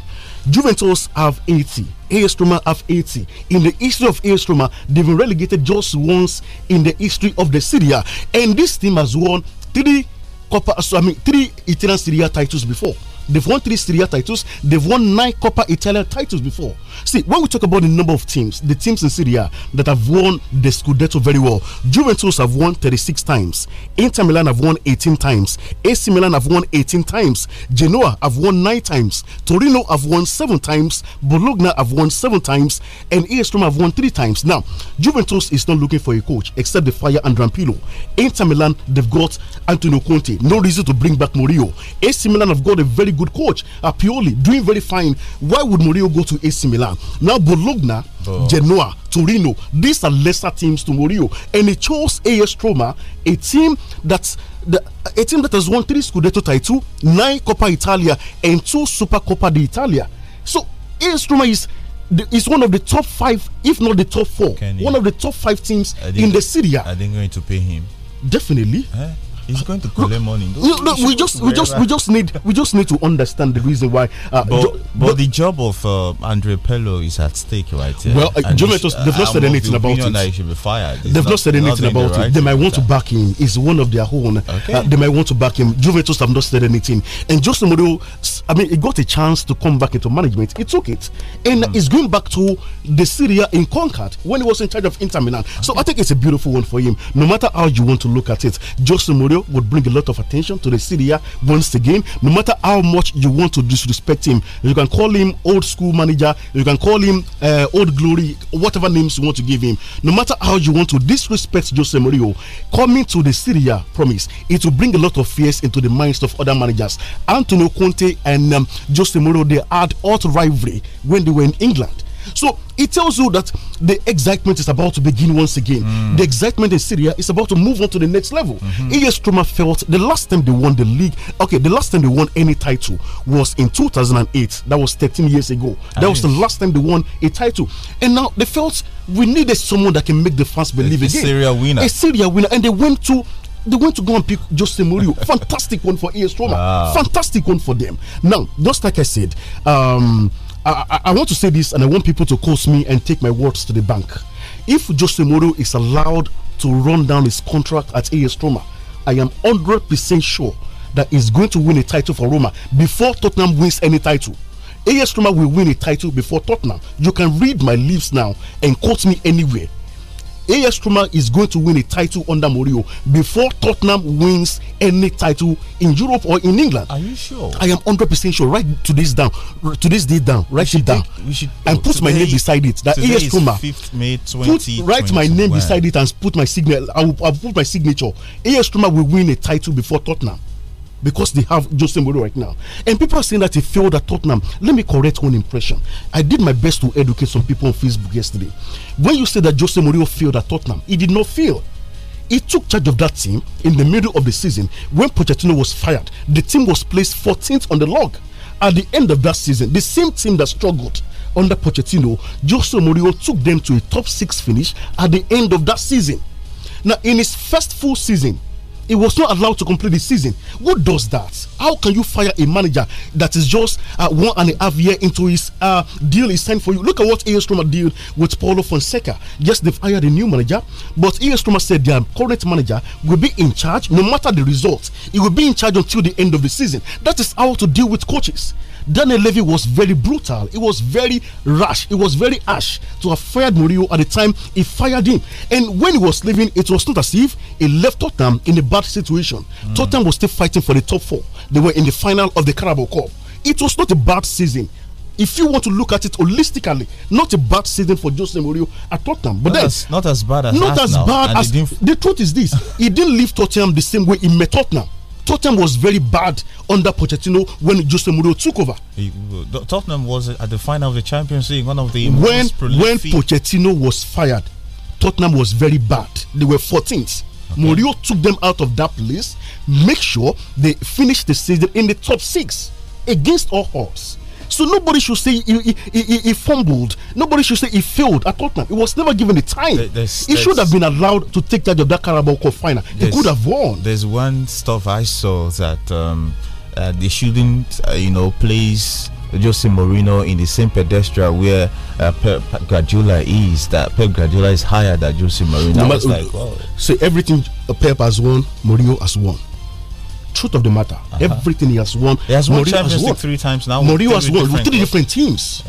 Juventus have 80. AS Roma have 80. In the history of AS Roma, they've been relegated just once in the history of the Serie And this team has won three Copa, so I mean, three Italian Serie titles before. They've won three Serie A titles. They've won nine Coppa Italia titles before. See, when we talk about the number of teams, the teams in Syria that have won the Scudetto very well, Juventus have won 36 times, Inter Milan have won 18 times, AC Milan have won 18 times, Genoa have won 9 times, Torino have won 7 times, Bologna have won 7 times, and AS Roma have won 3 times. Now, Juventus is not looking for a coach except the Fire and Rampino. Inter Milan, they've got Antonio Conte. No reason to bring back Murillo. AC Milan have got a very good coach, Pioli, doing very fine. Why would Murillo go to AC Milan? Milan. Now Bologna, oh. Genoa, Torino, these are lesser teams to Mourinho, and he chose AS Roma, a team that the, a team that has won three Scudetto titles, nine Coppa Italia, and two Super Coppa d'Italia. So AS Roma is is one of the top five, if not the top four, one of the top five teams in the Serie Are they going to pay him? Definitely. Eh? He's going to collect money. Look, look, we just, we just, we just need, we just need to understand the reason why. Uh, but, jo but the job of uh, Andre Pello is at stake, right? Here. Well, uh, Juventus, they've not uh, said anything about it. That he should be fired. they've not, said anything about it. They might want that. to back him. He's one of their own. Uh, okay. Uh, they might want to back him. Juventus have not said anything, and Jose Mourinho, I mean, he got a chance to come back into management. He took it, and mm. he's going back to the Syria in Concord when he was in charge of Inter Milan. Okay. So I think it's a beautiful one for him. No matter how you want to look at it, Jose Mourinho would bring a lot of attention to the Syria once again. No matter how much you want to disrespect him, you can call him old school manager, you can call him uh, old glory, whatever names you want to give him. No matter how you want to disrespect Jose Mourinho, coming to the Syria promise, it will bring a lot of fears into the minds of other managers. Antonio Conte and um, Jose Mourinho, they had hot rivalry when they were in England so it tells you that the excitement is about to begin once again. Mm. The excitement in Syria is about to move on to the next level. Mm -hmm. felt the last time they won the league, okay, the last time they won any title was in 2008. That was 13 years ago. That nice. was the last time they won a title. And now they felt we needed someone that can make the fans believe a, again. A Syria winner. A Syria winner. And they went to they went to go and pick Jose Mourinho. Fantastic one for AS Roma. Wow. Fantastic one for them. Now, just like I said, um, I, I, want to say this and I want people to quote me and take my words to the bank. If Jose Mourinho is allowed to run down his contract at AS Roma, I am 100% sure that he's going to win a title for Roma before Tottenham wins any title. AS Roma will win a title before Tottenham. You can read my lips now and quote me anywhere. AS Truman is going to win a title under Mourinho before Tottenham wins any title in Europe or in England. Are you sure? I am 100% sure. Write to this down. To this date down. Write it down. Take, we should, and oh, put today, my name beside it. That AS Truman. Put, write my name beside it and put my signature. I will, I will put my signature. AS Truman will win a title before Tottenham because they have Jose Mourinho right now. And people are saying that he failed at Tottenham. Let me correct one impression. I did my best to educate some people on Facebook yesterday. When you say that Jose Mourinho failed at Tottenham, he did not fail. He took charge of that team in the middle of the season when Pochettino was fired. The team was placed 14th on the log. At the end of that season, the same team that struggled under Pochettino, Jose Mourinho took them to a top six finish at the end of that season. Now, in his first full season, he was not allowed to complete the season. Who does that? How can you fire a manager that is just uh, one and a half year into his uh, deal is signed for you? Look at what AS Roma did with Paulo Fonseca. Yes, they've hired a new manager, but AS Roma said their current manager will be in charge no matter the result. He will be in charge until the end of the season. That is how to deal with coaches. Daniel Levy was very brutal. It was very rash. It was very harsh to have fired Mourinho at the time he fired him. And when he was leaving, it was not as if he left Tottenham in a bad situation. Mm. Tottenham was still fighting for the top four. They were in the final of the Carabao Cup. It was not a bad season if you want to look at it holistically, not a bad season for Jose Mourinho at Tottenham. But that's then, not as bad as not as bad as the truth is this: he didn't leave Tottenham the same way he met Tottenham. Tottenham was very bad under Pochettino when Jose Mourinho took over. He, Tottenham was at the final of the Champions League, one of the when when Pochettino was fired, Tottenham was very bad. They were 14th. Okay. Mourinho took them out of that place. Make sure they finish the season in the top six against all odds. So nobody should say he, he, he, he, fumbled. Nobody should say he failed at Tottenham. He was never given the time. There, there's, he there's, should have been allowed to take charge of that Carabao Cup final. He could have won. There's one stuff I saw that um, uh, they shouldn't, uh, you know, place. Jose Mourinho in the same pedestal where uh, Pep Guardiola is. That Pep Guardiola is higher than Jose Mourinho. Uh, like, So everything Pep has won, Mourinho has won truth of the matter. Uh -huh. Everything he has won. He has won has won. three times now. Mourinho has won with three different teams.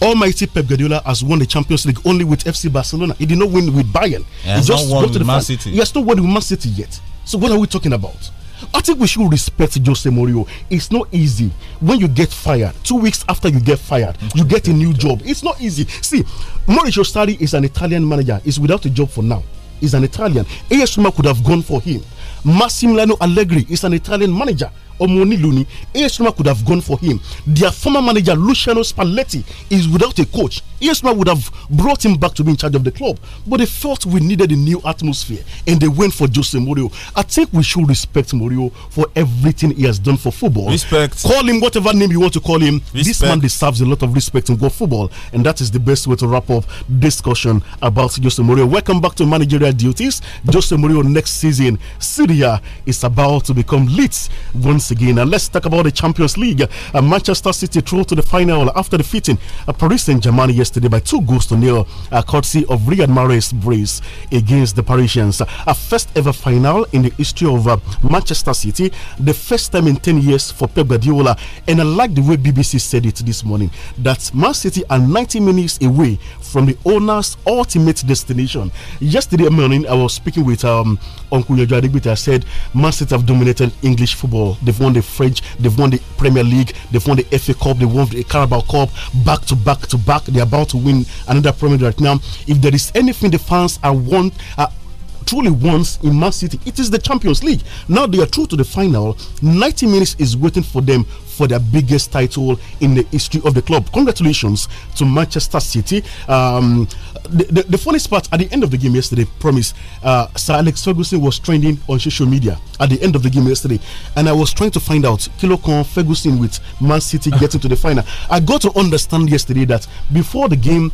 Oh. Almighty Pep Guardiola has won the Champions League only with FC Barcelona. He did not win with Bayern. He, he just won with Man City. He has not won with Man City yet. So what are we talking about? I think we should respect Jose Mourinho. It's not easy when you get fired. Two weeks after you get fired, mm-hmm. you get a new job. It's not easy. See, Mauricio Sarri is an Italian manager. He's without a job for now. He's an Italian. AS Roma could have gone for him. Massimiliano Allegri is an Italian manager Omoniluni, AS could have gone for him. Their former manager Luciano Spalletti is without a coach. AS would have brought him back to be in charge of the club, but they felt we needed a new atmosphere and they went for Jose Mourinho. I think we should respect Mourinho for everything he has done for football. Respect. Call him whatever name you want to call him. Respect. This man deserves a lot of respect in world football, and that is the best way to wrap up discussion about Jose Mourinho. Welcome back to managerial duties. Jose Mourinho next season, Syria is about to become lit once again. And let's talk about the Champions League. Uh, Manchester City through to the final after defeating uh, Paris Saint Germain yesterday by two goals to nil, uh, courtesy of Riyad Mahrez brace against the Parisians. A first ever final in the history of uh, Manchester City, the first time in 10 years for Pep Guardiola. And I like the way BBC said it this morning that Man City are 90 minutes away from the owner's ultimate destination. Yesterday morning, I was speaking with um, Uncle Yojo Adigbite. I said, Man City have dominated English football. They've won the French, they've won the Premier League, they've won the FA Cup, they have won the Carabao Cup back to back to back. They're about to win another Premier League right now. If there is anything the fans are want, are truly wants in Man City. It is the Champions League. Now they are through to the final. 90 minutes is waiting for them for their biggest title in the history of the club. Congratulations to Manchester City. Um, the, the, the, funniest part at the end of the game yesterday, promise, uh, Sir Alex Ferguson was trending on social media at the end of the game yesterday. And I was trying to find out Kilocon Ferguson with Man City getting to the final. I got to understand yesterday that before the game,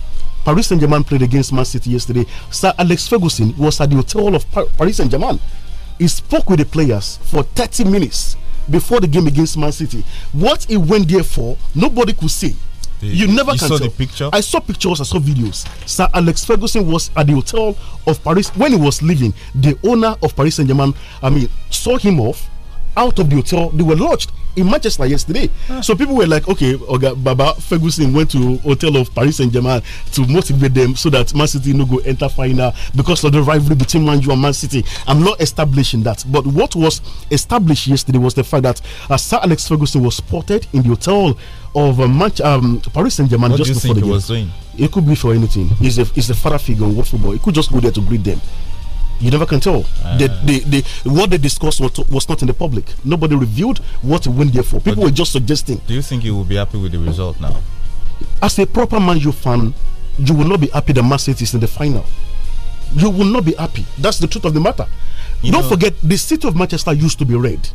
Paris Saint Germain played against Man City yesterday. Sir Alex Ferguson was at the hotel of Paris Saint Germain. He spoke with the players for 30 minutes before the game against Man City. What he went there for, nobody could see. The, you never you can saw tell. the picture. I saw pictures. I saw videos. Sir Alex Ferguson was at the hotel of Paris when he was leaving. The owner of Paris Saint Germain, I mean, saw him off out of the hotel. They were lodged in Manchester yesterday. Ah. So people were like, okay, Baba Ferguson went to hotel of Paris Saint Germain to motivate them so that Man City no go enter final because of the rivalry between Man U and Man City. I'm not establishing that, but what was established yesterday was the fact that uh, Sir Alex Ferguson was spotted in the hotel of uh, Manch um, Paris Saint Germain what just before the game. It could be for anything. He's a, he's a father figure in world football. He could just go there to greet them. You never can tell. Uh, they, they, they, what they discussed was, was, not in the public. Nobody revealed what went there for. People were just suggesting. Do you think you will be happy with the result now? As a proper Man U fan, you will not be happy that Man City is in the final. You will not be happy. That's the truth of the matter. Don't know. forget, the city of Manchester used to be red.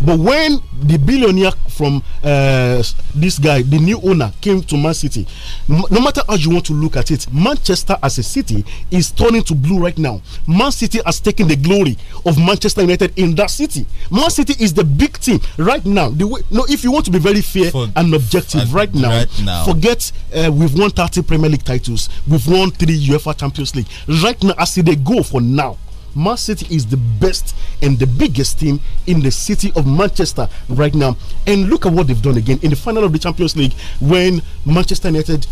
but when the billionaire from uh, this guy, the new owner, came to Man City, no matter how you want to look at it, Manchester as a city is turning to blue right now. Man City has taken the glory of Manchester United in that city. Man City is the big team right now. Way, no, if you want to be very fair For, and objective, right now, right now, forget uh, we've won 30 Premier League titles, we've won three UEFA Champions League. Right now, I see they go for now. Man City is the best and the biggest team in the city of Manchester right now. And look at what they've done again in the final of the Champions League when Manchester United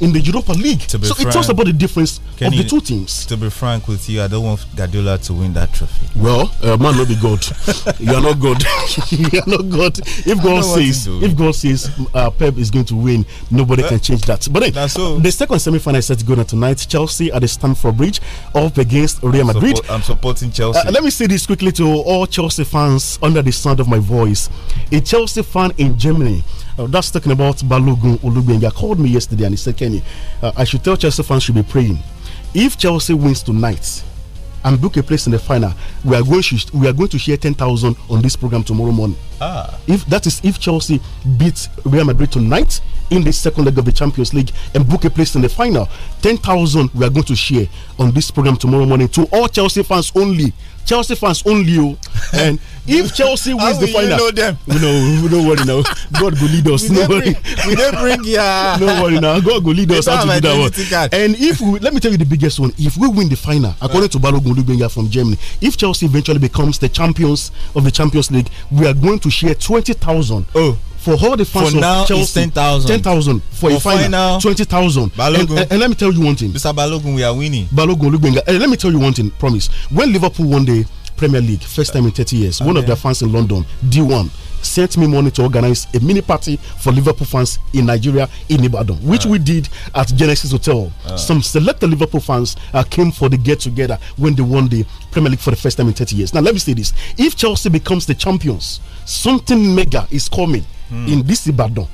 in the Europa League. so frank, it talks about the difference of the two teams. To be frank with you, I don't want Guardiola to win that trophy. Well, uh, man, not be God. you are not God. you are not God. If God says, if God says, uh, Pep is going to win, nobody can change that. But so. the second semi-final is set on tonight. Chelsea at the Stamford Bridge, up against Real Madrid. Support, I'm supporting uh, Chelsea. Uh, let me say this quickly to all Chelsea fans under the sound of my voice. A Chelsea fan in Germany uh, that's talking about Balogun Olugbenga. Called me yesterday and he said, Kenny, uh, I should tell Chelsea fans should be praying. If Chelsea wins tonight, and book a place in the final, we are going to we are going to share ten thousand on this program tomorrow morning. Ah. If that is if Chelsea beats Real Madrid tonight in the second leg of the Champions League and book a place in the final, ten thousand we are going to share on this program tomorrow morning to all Chelsea fans only. Chelsea fans only. Oh. And if Chelsea wins the final, you know them? No, we don't worry now. God will lead us. no worry. We don't bring yeah. No worry now. God will lead us how to do that one. And if we, let me tell you the biggest one. If we win the final, according to Balogun Lubenya from Germany, if Chelsea eventually becomes the champions of the Champions League, we are going to share twenty thousand. Oh for all the fans for now, of Chelsea. 10,000 10, for, for a final, final 20,000. And, and, and, let me tell you one thing. Mr. Balogun, we are winning. Balogun, Lugbenga. And let me tell you one thing, promise. When Liverpool won the Premier League, first time in 30 years, one yeah. of their fans in London, D1, sent me money to organize a mini party for Liverpool fans in Nigeria in Ibadan, which uh. we did at Genesis Hotel. Uh. Some selected Liverpool fans uh, came for the get together when they won the Premier League for the first time in 30 years. Now, let me say this if Chelsea becomes the champions, something mega is coming Hmm. in this Ibadan.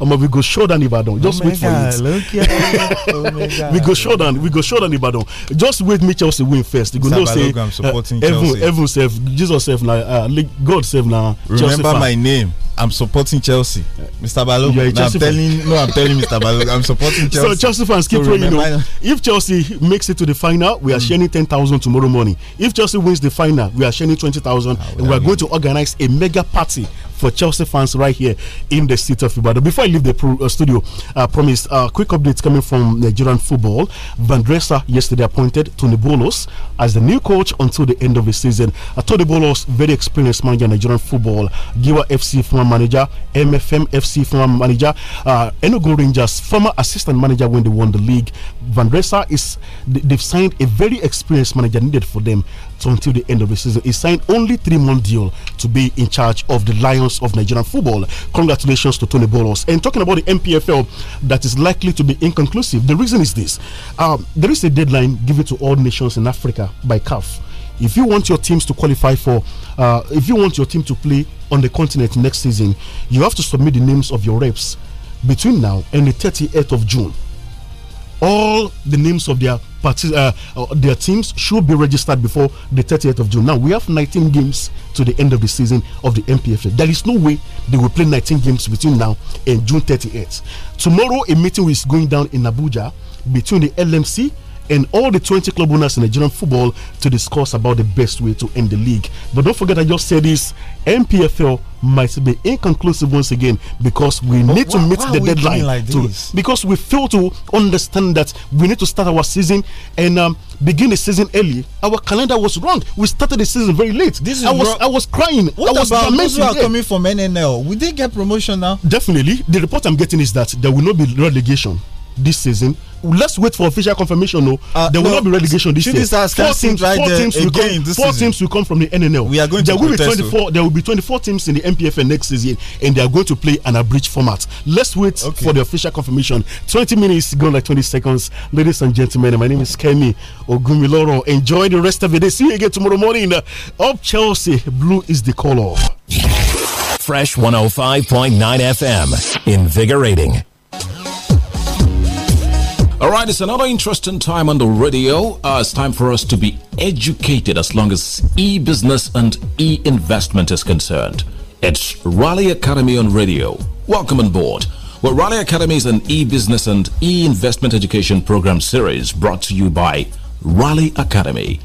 Um, we go short and Ibadan. Just oh wait for God, it. oh we go short and we go short and Ibadan. Just wait, me Chelsea win first. You go know say I'm uh, supporting uh, Chelsea. Everyone, save. Jesus save now, uh, God save now. Remember my name. I'm supporting Chelsea, Mr. Balogun. No, I'm telling, no, I'm telling Mr. Balogun, I'm supporting Chelsea. So Chelsea fans keep so praying. You know, if Chelsea makes it to the final, we are mm. sharing ten thousand tomorrow morning. If Chelsea wins the final, we are sharing twenty thousand, ah, and we are going to organize a mega party for Chelsea fans right here in the city of Ibadan. Before I leave the pro, uh, studio, I uh, promised a uh, quick update coming from Nigerian football. Vandresa yesterday appointed Tony Bolos as the new coach until the end of the season. Uh, Tony Bolos, very experienced manager in Nigerian football, Giwa FC former manager, MFM FC former manager, uh, Enugu Rangers former assistant manager when they won the league. Vandresa is they've signed a very experienced manager needed for them until the end of the season. He signed only three-month deal to be in charge of the Lions of Nigerian football. Congratulations to Tony Bolos. And talking about the MPFL that is likely to be inconclusive, the reason is this. Um, there is a deadline given to all nations in Africa by CAF if you want your teams to qualify for, uh, if you want your team to play on the continent next season, you have to submit the names of your reps between now and the 38th of June. All the names of their uh, their teams should be registered before the 30th of June. Now we have 19 games to the end of the season of the MPFL. There is no way they will play 19 games between now and June 30th. Tomorrow, a meeting is going down in Abuja between the LMC and all the 20 club owners in Nigerian football to discuss about the best way to end the league. But don't forget, I just said this MPFL might be inconclusive once again because we but need why, to meet the deadline. Like to, because we fail to understand that we need to start our season and um, begin the season early. Our calendar was wrong. We started the season very late. This is I was wrong. I was crying. What I was about those who are coming from NNL? We did get promotion now? Definitely. The report I'm getting is that there will not be relegation this season. Let's wait for official confirmation. No, oh. uh, there will not be relegation this season. Four teams, four teams will come. Four season. teams will come from the NNL. We are going there to will be 24. There will be 24 teams in the MPFL next season, and they are going to play an abridged format. Let's wait okay. for the official confirmation. 20 minutes gone like 20 seconds, ladies and gentlemen. My name is Kemi Ogumiloro. Enjoy the rest of the day. See you again tomorrow morning. Up Chelsea, blue is the color. Fresh 105.9 FM, invigorating. All right, it's another interesting time on the radio. Uh, it's time for us to be educated as long as e business and e investment is concerned. It's Raleigh Academy on radio. Welcome on board. Well, Raleigh Academy is an e business and e investment education program series brought to you by Raleigh Academy.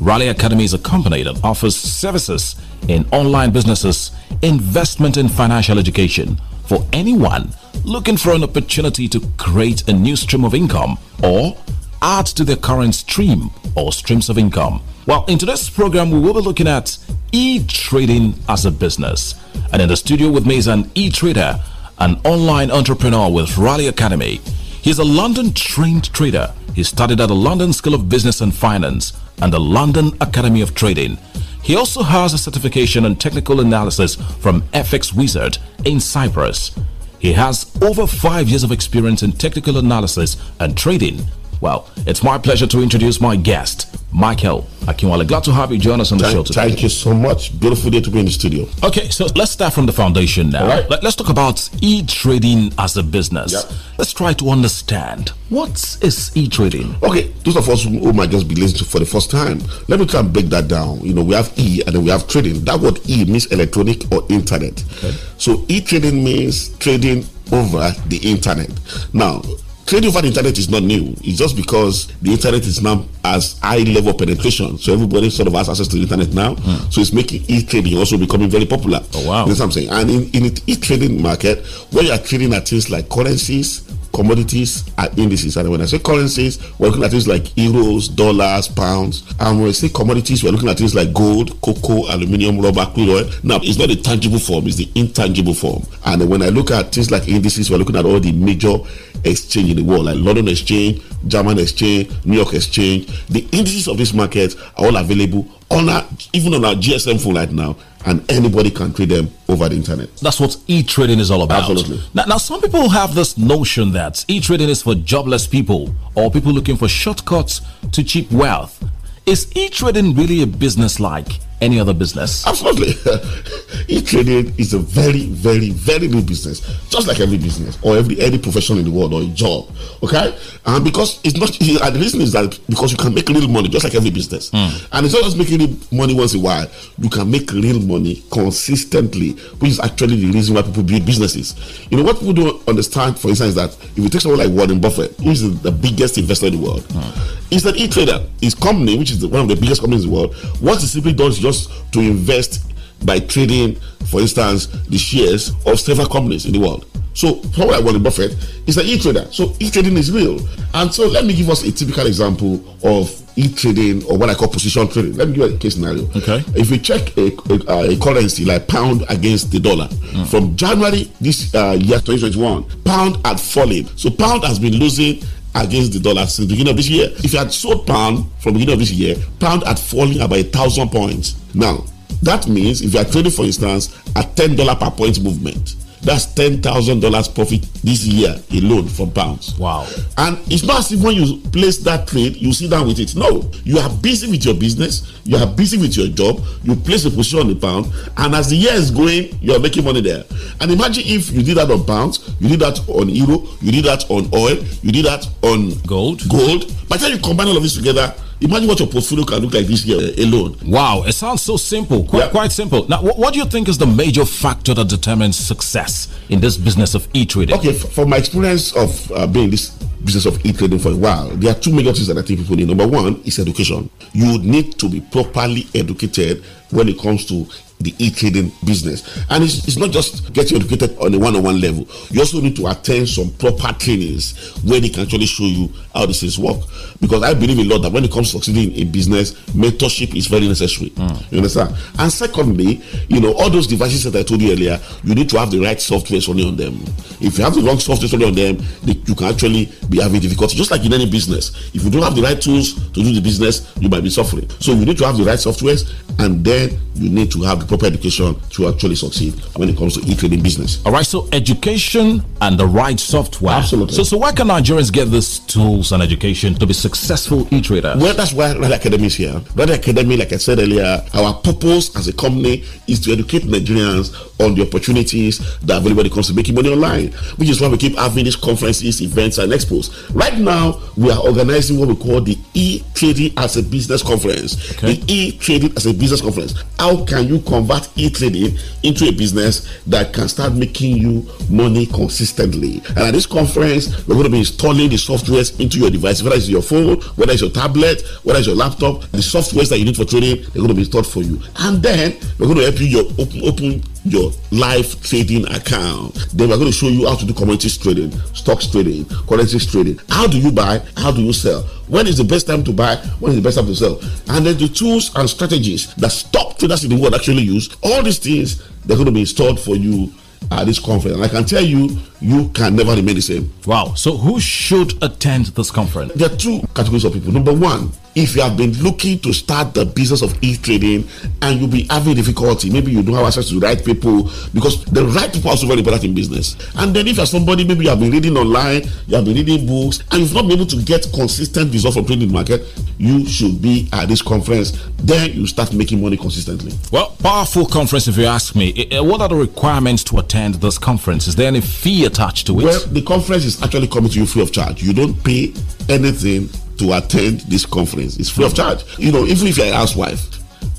Raleigh Academy is a company that offers services in online businesses, investment, and financial education for anyone looking for an opportunity to create a new stream of income or add to their current stream or streams of income. Well, in today's program, we will be looking at e trading as a business. And in the studio with me is an e trader, an online entrepreneur with Raleigh Academy. He's a London trained trader. He studied at the London School of Business and Finance and the London Academy of Trading. He also has a certification in technical analysis from FX Wizard in Cyprus. He has over five years of experience in technical analysis and trading well, it's my pleasure to introduce my guest, Michael Akinwale. Glad to have you join us on the thank, show today. Thank you so much. Beautiful day to be in the studio. Okay, so let's start from the foundation now. All right. Let, us talk about e trading as a business. Let's try to understand what is e trading. Okay, those of us who might just be listening for the first time, let me try and break that down. You know, we have e and then we have trading. That word e means electronic or internet. Okay. So e trading means trading over the internet. Now, trading over the internet is not new. It's just because the internet is now as high level penetration, so everybody sort of has access to the internet now. Mm. So it's making e-trading also becoming very popular. Oh wow! That's what I'm saying. And in, in e-trading market, where you are trading at things like currencies, commodities and indices. And when I say currencies, we're looking at things like euros, dollars, pounds. And when I say commodities, we're looking at things like gold, cocoa, aluminium, rubber, crude oil. Now, it's not the tangible form, it's the intangible form. And when I look at things like indices, we're looking at all the major exchange in the world, like London Exchange, German Exchange, New York Exchange. The indices of these markets are all available on our, even on our GSM phone right now, and anybody can trade them over the internet. That's what e-trading is all about. Absolutely. Now, now some people have this notion that e-trading is for jobless people or people looking for shortcuts to cheap wealth. Is e-trading really a business like? any other business. Absolutely. e-trading is a very, very, very new business, just like every business or every any profession in the world or a job. Okay, and because it's not, and the reason is that because you can make real money just like every business, mm. and it's not just making money once in a while. You can make real money consistently, which is actually the reason why people build businesses. You know what people don't understand, for instance, is that if you take someone like Warren Buffett, who is the biggest investor in the world, mm. is that e-trader, his company, which is one of the biggest companies in the world, what he simply does is just to invest by trading, for instance, the shares of several companies in the world. So, how about Warren Buffett is an e-trader. So, e-trading is real. And so, let me give us a typical example of e-trading or what I call position trading. Let me give you a case scenario. Okay. If we check a, a, a currency like pound against the dollar, mm. from January this uh, year 2021, pound had fallen. So, pound has been losing against the dollar since the beginning of this year. If you had sold pound from the beginning of this year, pound had fallen about a thousand points. Now, that means if you are trading, for instance, at $10 per point movement, that's ten thousand dollars profit this year alone from pounds. Wow! And it's massive when you place that trade. You sit down with it. No, you are busy with your business. You are busy with your job. You place a position on the pound, and as the year is going, you are making money there. And imagine if you did that on pounds, you did that on euro, you did that on oil, you did that on gold. Gold. By the time you combine all of this together, Imagine what your portfolio can look like this year alone. Wow, it sounds so simple, quite, yeah. quite simple. Now, what, what do you think is the major factor that determines success in this business of e trading? Okay, from my experience of uh, being this business of e-trading for a while, there are two major things that I think people need. Number one is education. You need to be properly educated when it comes to the e-trading business. And it's, it's not just getting educated on a one-on-one level. You also need to attend some proper trainings where they can actually show you how this things work. Because I believe a lot that when it comes to succeeding in business, mentorship is very necessary. Mm. You understand? And secondly, you know, all those devices that I told you earlier, you need to have the right software only on them. If you have the wrong software only on them, they, you can actually be having difficulty. Just like in any business, if you don't have the right tools to do the business, you might be suffering. So you need to have the right software, and then you need to have the proper education to actually succeed when it comes to e-trading business. All right, so education and the right software. Absolutely. So, so why can Nigerians get these tools and education to be successful e-traders? Well, that's why Red Academy is here. Red Academy, like I said earlier, our purpose as a company is to educate Nigerians on the opportunities that everybody when it comes to making money online, which is why we keep having these conferences, events, and expos. Right now, we are organizing what we call the e-trading as a business conference. Okay. The e-trading as a business conference. How can you come convert e-trading into a business that can start making you money consistently. And at this conference, we're going to be installing the softwares into your device, whether it's your phone, whether it's your tablet, whether it's your laptop, the softwares that you need for trading, they're going to be installed for you. And then we're going to help you your open, open your live trading account. Then we're going to show you how to do commodities trading, stocks trading, currencies trading. How do you buy? How do you sell? When is the best time to buy? When is the best time to sell? And then the tools and strategies that stock traders in the world actually use. All these things they're going to be installed for you at this conference. And I can tell you, you can never remain the same. Wow. So, who should attend this conference? There are two categories of people. Number one, if you have been looking to start the business of e-trading and you'll be having difficulty, maybe you don't have access to the right people because the right people are so very important in business. And then if you're somebody, maybe you have been reading online, you have been reading books, and you've not been able to get consistent results from trading market, you should be at this conference. Then you start making money consistently. Well, powerful conference if you ask me. What are the requirements to attend this conference? Is there any fee attached to it? Well, the conference is actually coming to you free of charge. You don't pay anything to attend this conference. It's free of charge. You know, even if you're a housewife,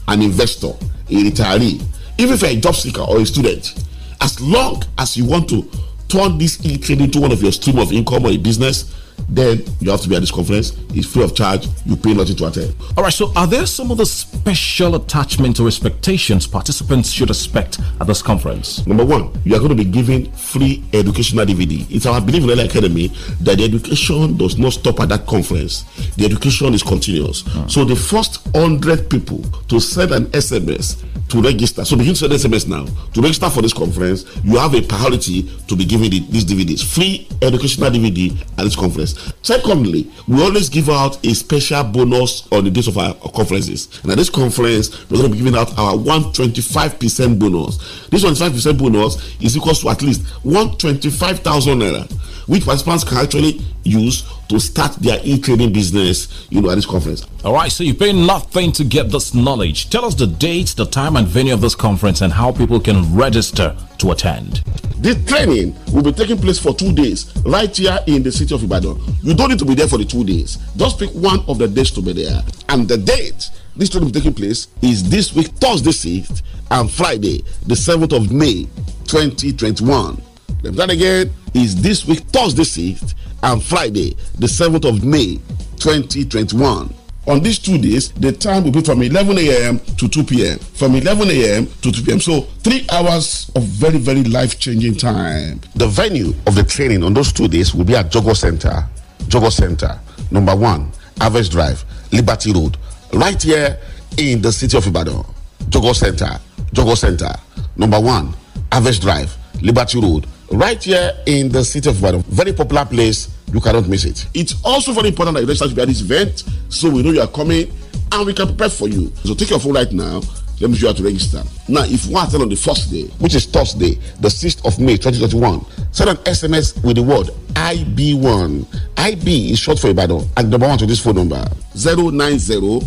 an investor, a retiree, even if you're a job seeker or a student, as long as you want to turn this e-trade into one of your stream of income or a business, then you have to be at this conference. It's free of charge. You pay nothing to attend. All right. So, are there some of the special attachments or expectations participants should expect at this conference? Number one, you are going to be given free educational DVD. It's our belief in LA Academy that the education does not stop at that conference. The education is continuous. Mm. So, the first hundred people to send an SMS to register. So, begin to send SMS now to register for this conference. You have a priority to be given the, these DVDs, free educational DVD at this conference. Secondly, we always give out a special bonus on the days of our conferences. And at this conference, we're going to be giving out our 125% bonus. This one twenty-five percent bonus is equal to at least 125,000 naira, which participants can actually use to start their e-trading business, you know, at this conference. All right, so you pay nothing to get this knowledge. Tell us the date, the time, and venue of this conference, and how people can register to attend. This training will be taking place for two days, right here in the city of Ibadan. You don't need to be there for the two days. Just pick one of the days to be there, and the date this training will be taking place is this week, Thursday 6th, and Friday, the 7th of May, 2021. Let me again. Is this week, Thursday 6th and Friday, the 7th of May 2021. On these two days, the time will be from 11 a.m. to 2 p.m. From 11 a.m. to 2 p.m. So, three hours of very, very life changing time. The venue of the training on those two days will be at Jogo Center. Jogo Center, number one, Average Drive, Liberty Road, right here in the city of Ibadan. Jogo Center, Jogo Center, number one, Average Drive, Liberty Road, right here in the city of Ibadan. Very popular place. You cannot miss it. It's also very important that you register to be at this event so we know you are coming and we can prepare for you. So take your phone right now. Let me show you how to register. Now, if you want to attend on the first day, which is Thursday, the 6th of May 2021, send an SMS with the word IB1. IB is short for Ibadan and number one to this phone number 090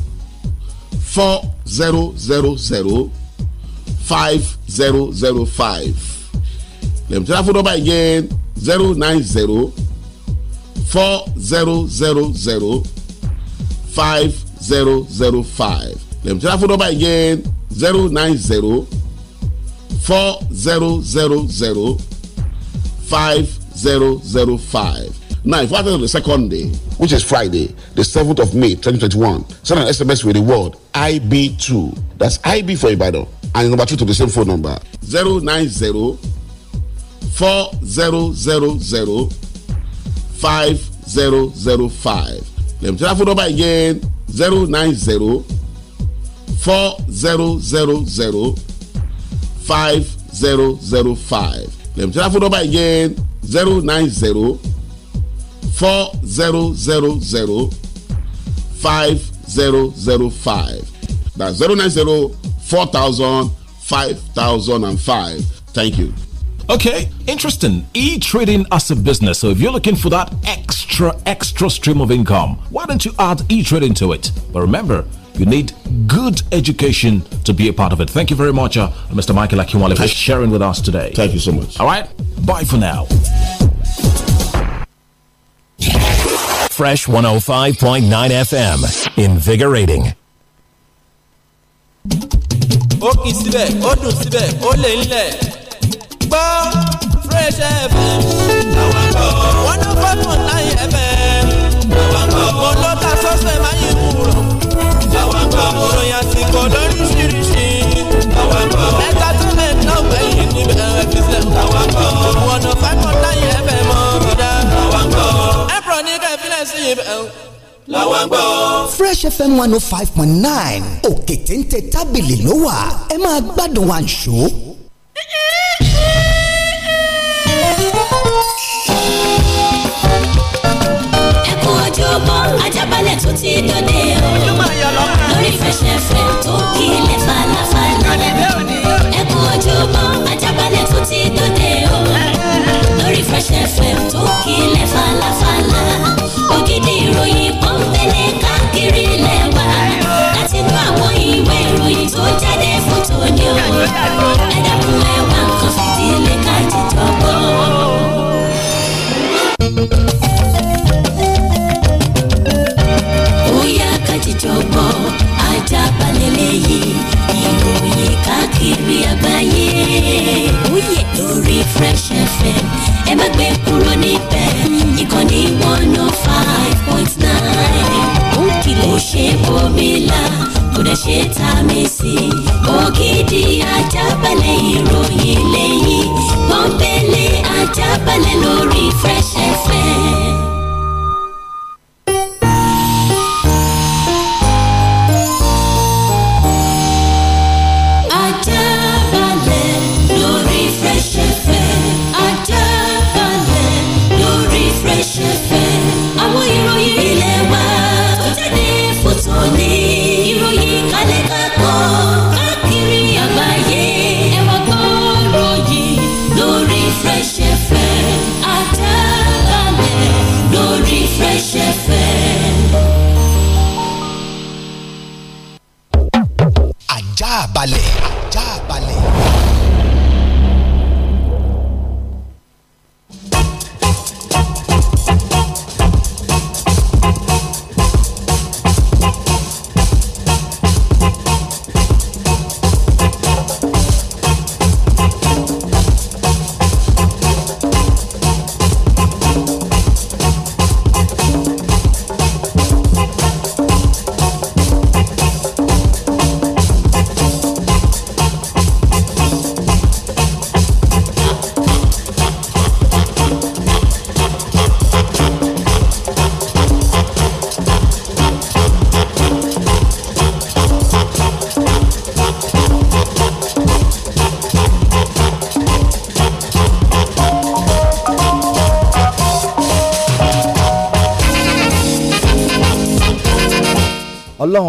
4000 5005 let me tell you number again zero nine zero four zero zero zero five zero zero five let me tell you number again zero nine zero four zero zero zero five zero zero five. Now, if I tell the second day, which is Friday, the 7th of May 2021, send an SMS with the word IB2. That's IB for Ibadan. And number two to the same phone number 090 four zero zero zero five zero zero five let me tell that phone number again zero nine zero four zero zero zero five zero zero five let me tell that phone number again zero nine zero four zero zero zero five zero zero five that's zero nine zero four thousand five thousand and five thank you. Okay, interesting. E trading as a business. So if you're looking for that extra, extra stream of income, why don't you add e trading to it? But remember, you need good education to be a part of it. Thank you very much, uh, Mr. Michael Akinwale, for sharing with us today. Thank you so much. All right, bye for now. Fresh 105.9 FM, invigorating. ó síbẹ̀ ó síbẹ̀ ó lè ń lẹ̀. gbọ́ fresh fm. làwọn gbọ́. one oh five point nine fm. làwọn one oh fresh fm one oh five point nine òkè téńté tábìlì ló wà ẹ máa gbádùn àǹṣó ẹkún ojúbọ ajábalẹ̀ tó ti o lórí fẹsẹ̀fẹ̀ tó kílẹ̀ falafala ẹkún ojúbọ ajábalẹ̀ tó o lórí fẹsẹ̀fẹ̀ tó kílẹ̀ falafala ògidì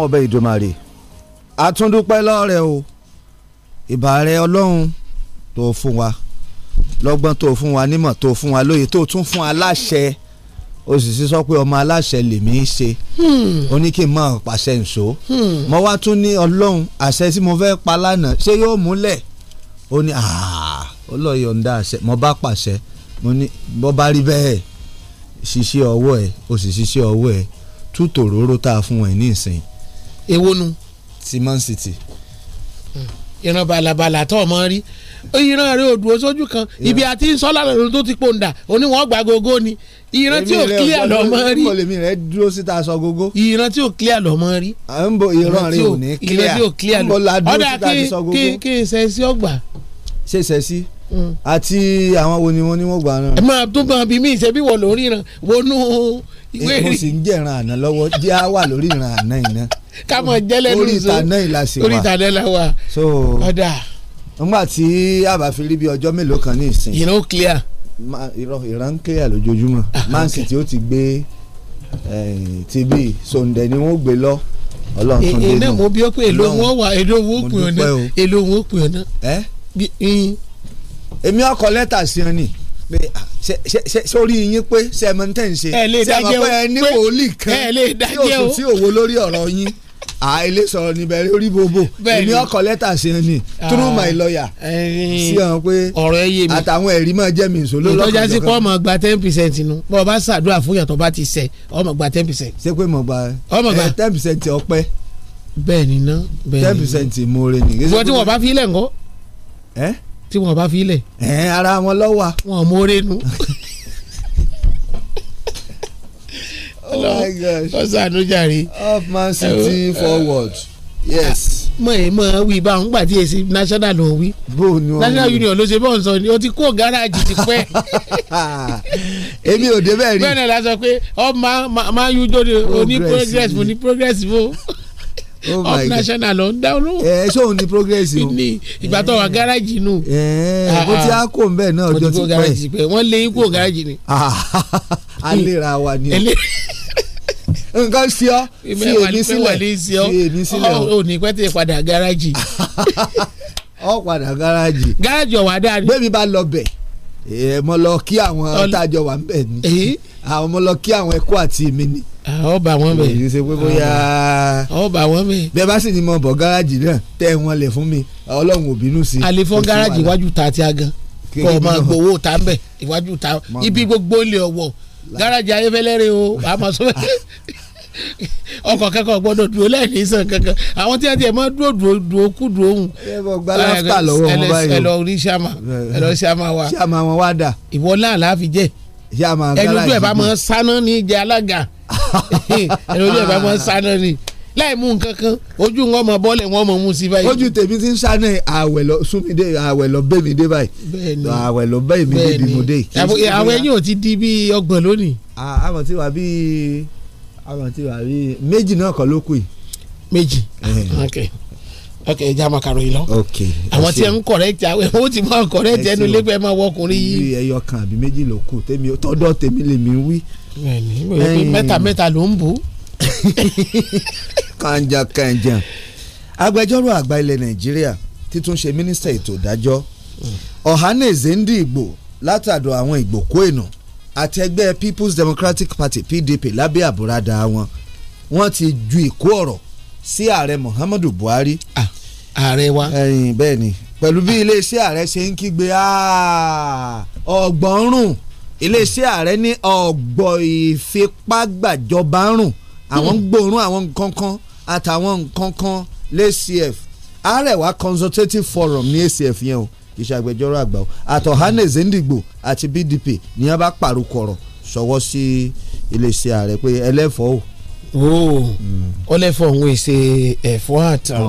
ọlọ́run ọba ìdùmarè àtúndúpẹ́ lọ́rẹ̀ o ìbàrẹ̀ ọlọ́run tó fún wa lọ́gbọ́n tó fún wa nímọ̀ tó fún wa lóye tó tún fún aláṣẹ o sì sí sọ pé ọmọ aláṣẹ lèmi í ṣe ó hmm. ní kí n máa pàṣẹ nṣó hmm. mo wá tún ní ọlọ́run àṣẹ tí mo fẹ́ pa lánàá ṣé yóò múlẹ̀ ó ní ọlọ́yọ̀ ń dá àṣẹ mo bá pàṣẹ mo ní bọ́ bá rí bẹ́ẹ̀ ṣiṣẹ́ ọwọ́ ẹ̀ o sì ṣiṣẹ́ ọwọ́ ẹ̀ tú tòróró tá a fún ẹ̀ ní ìsìn èwo nu. ti Man City. Hmm. ìran balabala tó ọmọ rí ìran rẹ ò dúró sójú kan ibi àti sọlá lọ́dún tó ti pòǹdà oníwọ̀n gba gogo ni ìran tí ò clear lọ́mọ rí. ìkọlẹ̀ mi rẹ̀ dúró síta sọ gogo. ìran tí ò clear lọ́mọ rí. à ń bo ìran rẹ ò ní clear. ìran tí ò clear lọ́mọ rí. ọ̀dà kí kí kí ṣe sí ọgbà. ṣe ṣe sí àti àwọn wo ni wọ́n ní wọ́n gbà náà. ẹ máa tún bá bí mi ìṣe bí wọ́n ló wọnú ìwé eh, rí. èkó sì ń jẹ́ ìran àná lọ́wọ́ jẹ́ á wà lórí ìran àná yìí ká mọ̀ jẹ́lẹ̀ lóṣù orí ìtàná yìí la sì wà orí ìtàná la so ọ̀dà. nígbà tí àbáfi rí bí ọjọ́ mélòó kan ní ìsìn. you know clear. ìran clear lójoojúmọ́ ah. Man City ó ti gbé eh, tb sonde ni wọ́n gbé lọ ọlọ́run tó ń eh, dé mo bí ọ pé èlò wọn wà èlò wọn ó pin ọ̀nà èlò èmi ọkọ lẹ́tà sí ọ ni sórí ah, yín pé sẹ́mọ̀ntẹ́ ń ṣe sẹ́mọ̀ pé ẹ ní wòlíì kan yóò tún sí òwò lórí ọ̀rọ̀ yín àìlè sọ̀rọ̀ níbẹ̀ orí bobo èmi ọkọ̀ lẹ́tà sí ẹni through my lawyer sí ọ̀hún pé ọ̀rọ̀ ẹ yé mi àtàwọn ẹ̀rí máa jẹ́ mi ìṣòló lọ́kàn lọ́kàn. ìtọ́jà sí pé ọmọ gba ten percent nu bọ́ ọ bá ṣàdúrà fún yàtọ̀ bá ti sẹ̀ ọmọ gba ten percent. ṣé pé mo gba ten percent ọpẹ́. bẹ́ẹ̀ ni ná bẹ́ẹ̀ ni ten percent mo re ni. ìwọ tí wọn bá fi ilẹ̀ ńkọ́. ẹ́ tí wọn bá fi ẹ ara wọn lọ wa. wọn mórè nu. Oh ọsànù jàre. up man city forward. yes. mọ ẹ mọ wí bá ń gbà èsì national ló ń wí. bó ni wọn national union ló ṣe bọ́ ń sọ ni o ti kó gáràjì ti pẹ́. èmi ò débẹ̀ rí. bẹ́ẹ̀ ni la sọ pé ọ máa máa yújọ́ ni o ní progress mo ní progress mo up oh national ló ń dá olówó. ẹ sóun ni progress o. ni ìgbà tó wà gáràjì nù. ẹ ah, bó ti ah. á kó ń bẹ̀ náà ọjọ́ ti pẹ́. wọ́n lé yín kó gáràjì ni. Ah, a lera wa ni o nǹkan sí ọ fi èmi sílẹ̀ fi èmi sílẹ̀ o. o ní pẹ́ tẹ̀ padà gáràjì. ọ padà gáràjì. gáràjì ọ̀wá dáa ni. gbẹ̀mí bá lọ bẹ̀ ẹ̀ mọ lọ kí àwọn tájọ wà ń bẹ̀ ni àwọn mọ lọ kí àwọn ẹ̀kọ́ àti èmi ni ọba wọn bẹ yìí ṣe pé bóyá ọba wọn bẹ. bẹ́ẹ̀ bá sì ni mo bọ̀ gáràjì náà tẹ́ wọn lẹ̀ fún mi ọlọ́run ò bínú sí i. àlefọ́ gáràjì iwájú ta ti agan kọ́ ọ máa gbowó ta ń bẹ̀ iwájú ta ibi gbogbo lè ọwọ́ gáràjì ayéfẹ́lẹ́rẹ́ o a máa sọ ọkọ̀ kẹ́kọ̀ọ́ gbọ́dọ̀ dúró lẹ́yìn ìsàn kankan àwọn tí a ti ẹ̀ máa dúró dúró dúró kú dúró hùn. ẹ bọ gbala fà lọ́wọ́ wọn báyìí o ẹ lọ rí sàmà ẹ lọ sàmà wa sàmà wọn wá dà. ìwọ náà láàfin jẹ ẹnu tó ẹ bá máa sáná ní ìjẹ alága. ẹ̀rọ ojú ẹ̀ bá máa ń sáná ni láì mú nǹkan kan ojú wọn mọ bọ́ọ̀lù wọn mọ mú sí báyìí. ojú tèmi ti ń sáná àwẹ̀ lọ súnmídé àwẹ̀ lọ bẹ́ẹ̀ mi dé báyìí àwẹ̀ lọ bẹ́ẹ̀ mi dé dìbò dé. àwọn ẹ̀yìn ò ti di bí ọgbọ̀n lónìí. àwọn tí wà bí àwọn tí wà bí méjì náà kọ́ ló kù yìí. méjì ok ok ẹja máa kàrò yìí lọ. ok àwọn tí ẹ ń kọ̀rẹ́tì àwọn ẹ̀hún ti máa kọ̀rẹ́tì ẹnu lẹ́gbẹ̀ẹ́ máa wọkùnrin yìí. ẹyọ kan àbí méjì ló bẹ́ẹ̀ni mẹ́ta mẹ́ta ló ń bò. kànjà kànjà agbẹjọ́rò àgbà ilẹ̀ nàìjíríà títún ṣe mínísítà ètò ìdájọ́ ọ̀hánèzè Ndigbo látàdọ̀ àwọn ìgbòkó ènà àti ẹgbẹ́ People's Democratic Party PDP lábẹ́ àbúradà wọn wọ́n ti ju ìkó ọ̀rọ̀ sí ààrẹ Muhammadu Buhari. ààrẹ wa. bẹ́ẹ̀ni pẹ̀lú bí iléeṣẹ́ ààrẹ ṣe ń kígbe ọgbọ̀nrún. Ah, iléeṣẹ́ ààrẹ ní ọ̀gbọ̀ ìfipágbàjọba rùn àwọn hmm. gbòòrùn àwọn nǹkan kan àtàwọn nǹkan kan lacf Arewa consultative forum ní acf yẹn o ìṣàgbẹjọ́rò àgbà o àtọ̀hánèzè ndìgbò àti PDP ní wọ́n bá pàrọ̀kọ̀rọ̀ sọwọ́ sí iléeṣẹ́ ààrẹ pé ẹlẹ́fọ́ o. ó hmm. lẹ́fọ̀ òun èsè ẹ̀fọ́ àtàn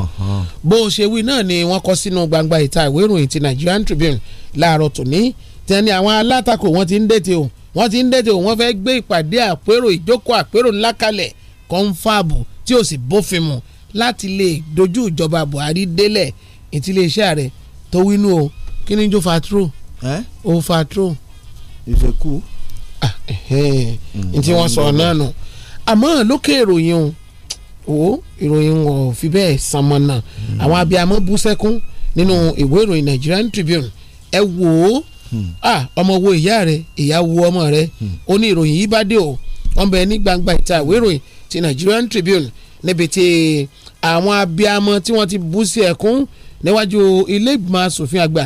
bó o ṣe wí náà ni wọ́n kọ sínú gbangba ìta ìwé ìròyìn ti Nigerian Tribune láàárọ̀ tòní tẹ́ni àwọn alátakò wọ́n ti ń dètè o wọ́n ti ń dètè o wọ́n fẹ́ gbé ìpàdé àpérò ìjókòó àpérò ńlá kalẹ̀ kọ́ńfàbù tí ó sì bófin mu láti lè dojú ìjọba Buhari délẹ̀ ìtìlẹ́sẹ̀ ààrẹ tó wínú o kí ni jó fatro o fatro. ìfẹ́kù. ntí mm, wọ́n sọ náà nù àmọ́ lókè ìròyìn o o ìròyìn wọn fi bẹ́ẹ̀ sanmọ́ náà mm. àwọn abiyamọ bú sẹ́kún nínú ìwé ìròyìn Nigerian Tribune ẹ wò ó Ah, ọmọ wo ìyá rẹ ìyá wo ọmọ rẹ ó hmm. ní ìròyìn yìí bá dé o wọ́n bẹ ní gbangba ìta ìwé ìròyìn ti Nigerian Tribune níbi tí àwọn abiyamọ tí wọ́n ti bú sí ẹkún níwájú ilé ìgbìmọ̀ asòfin àgbà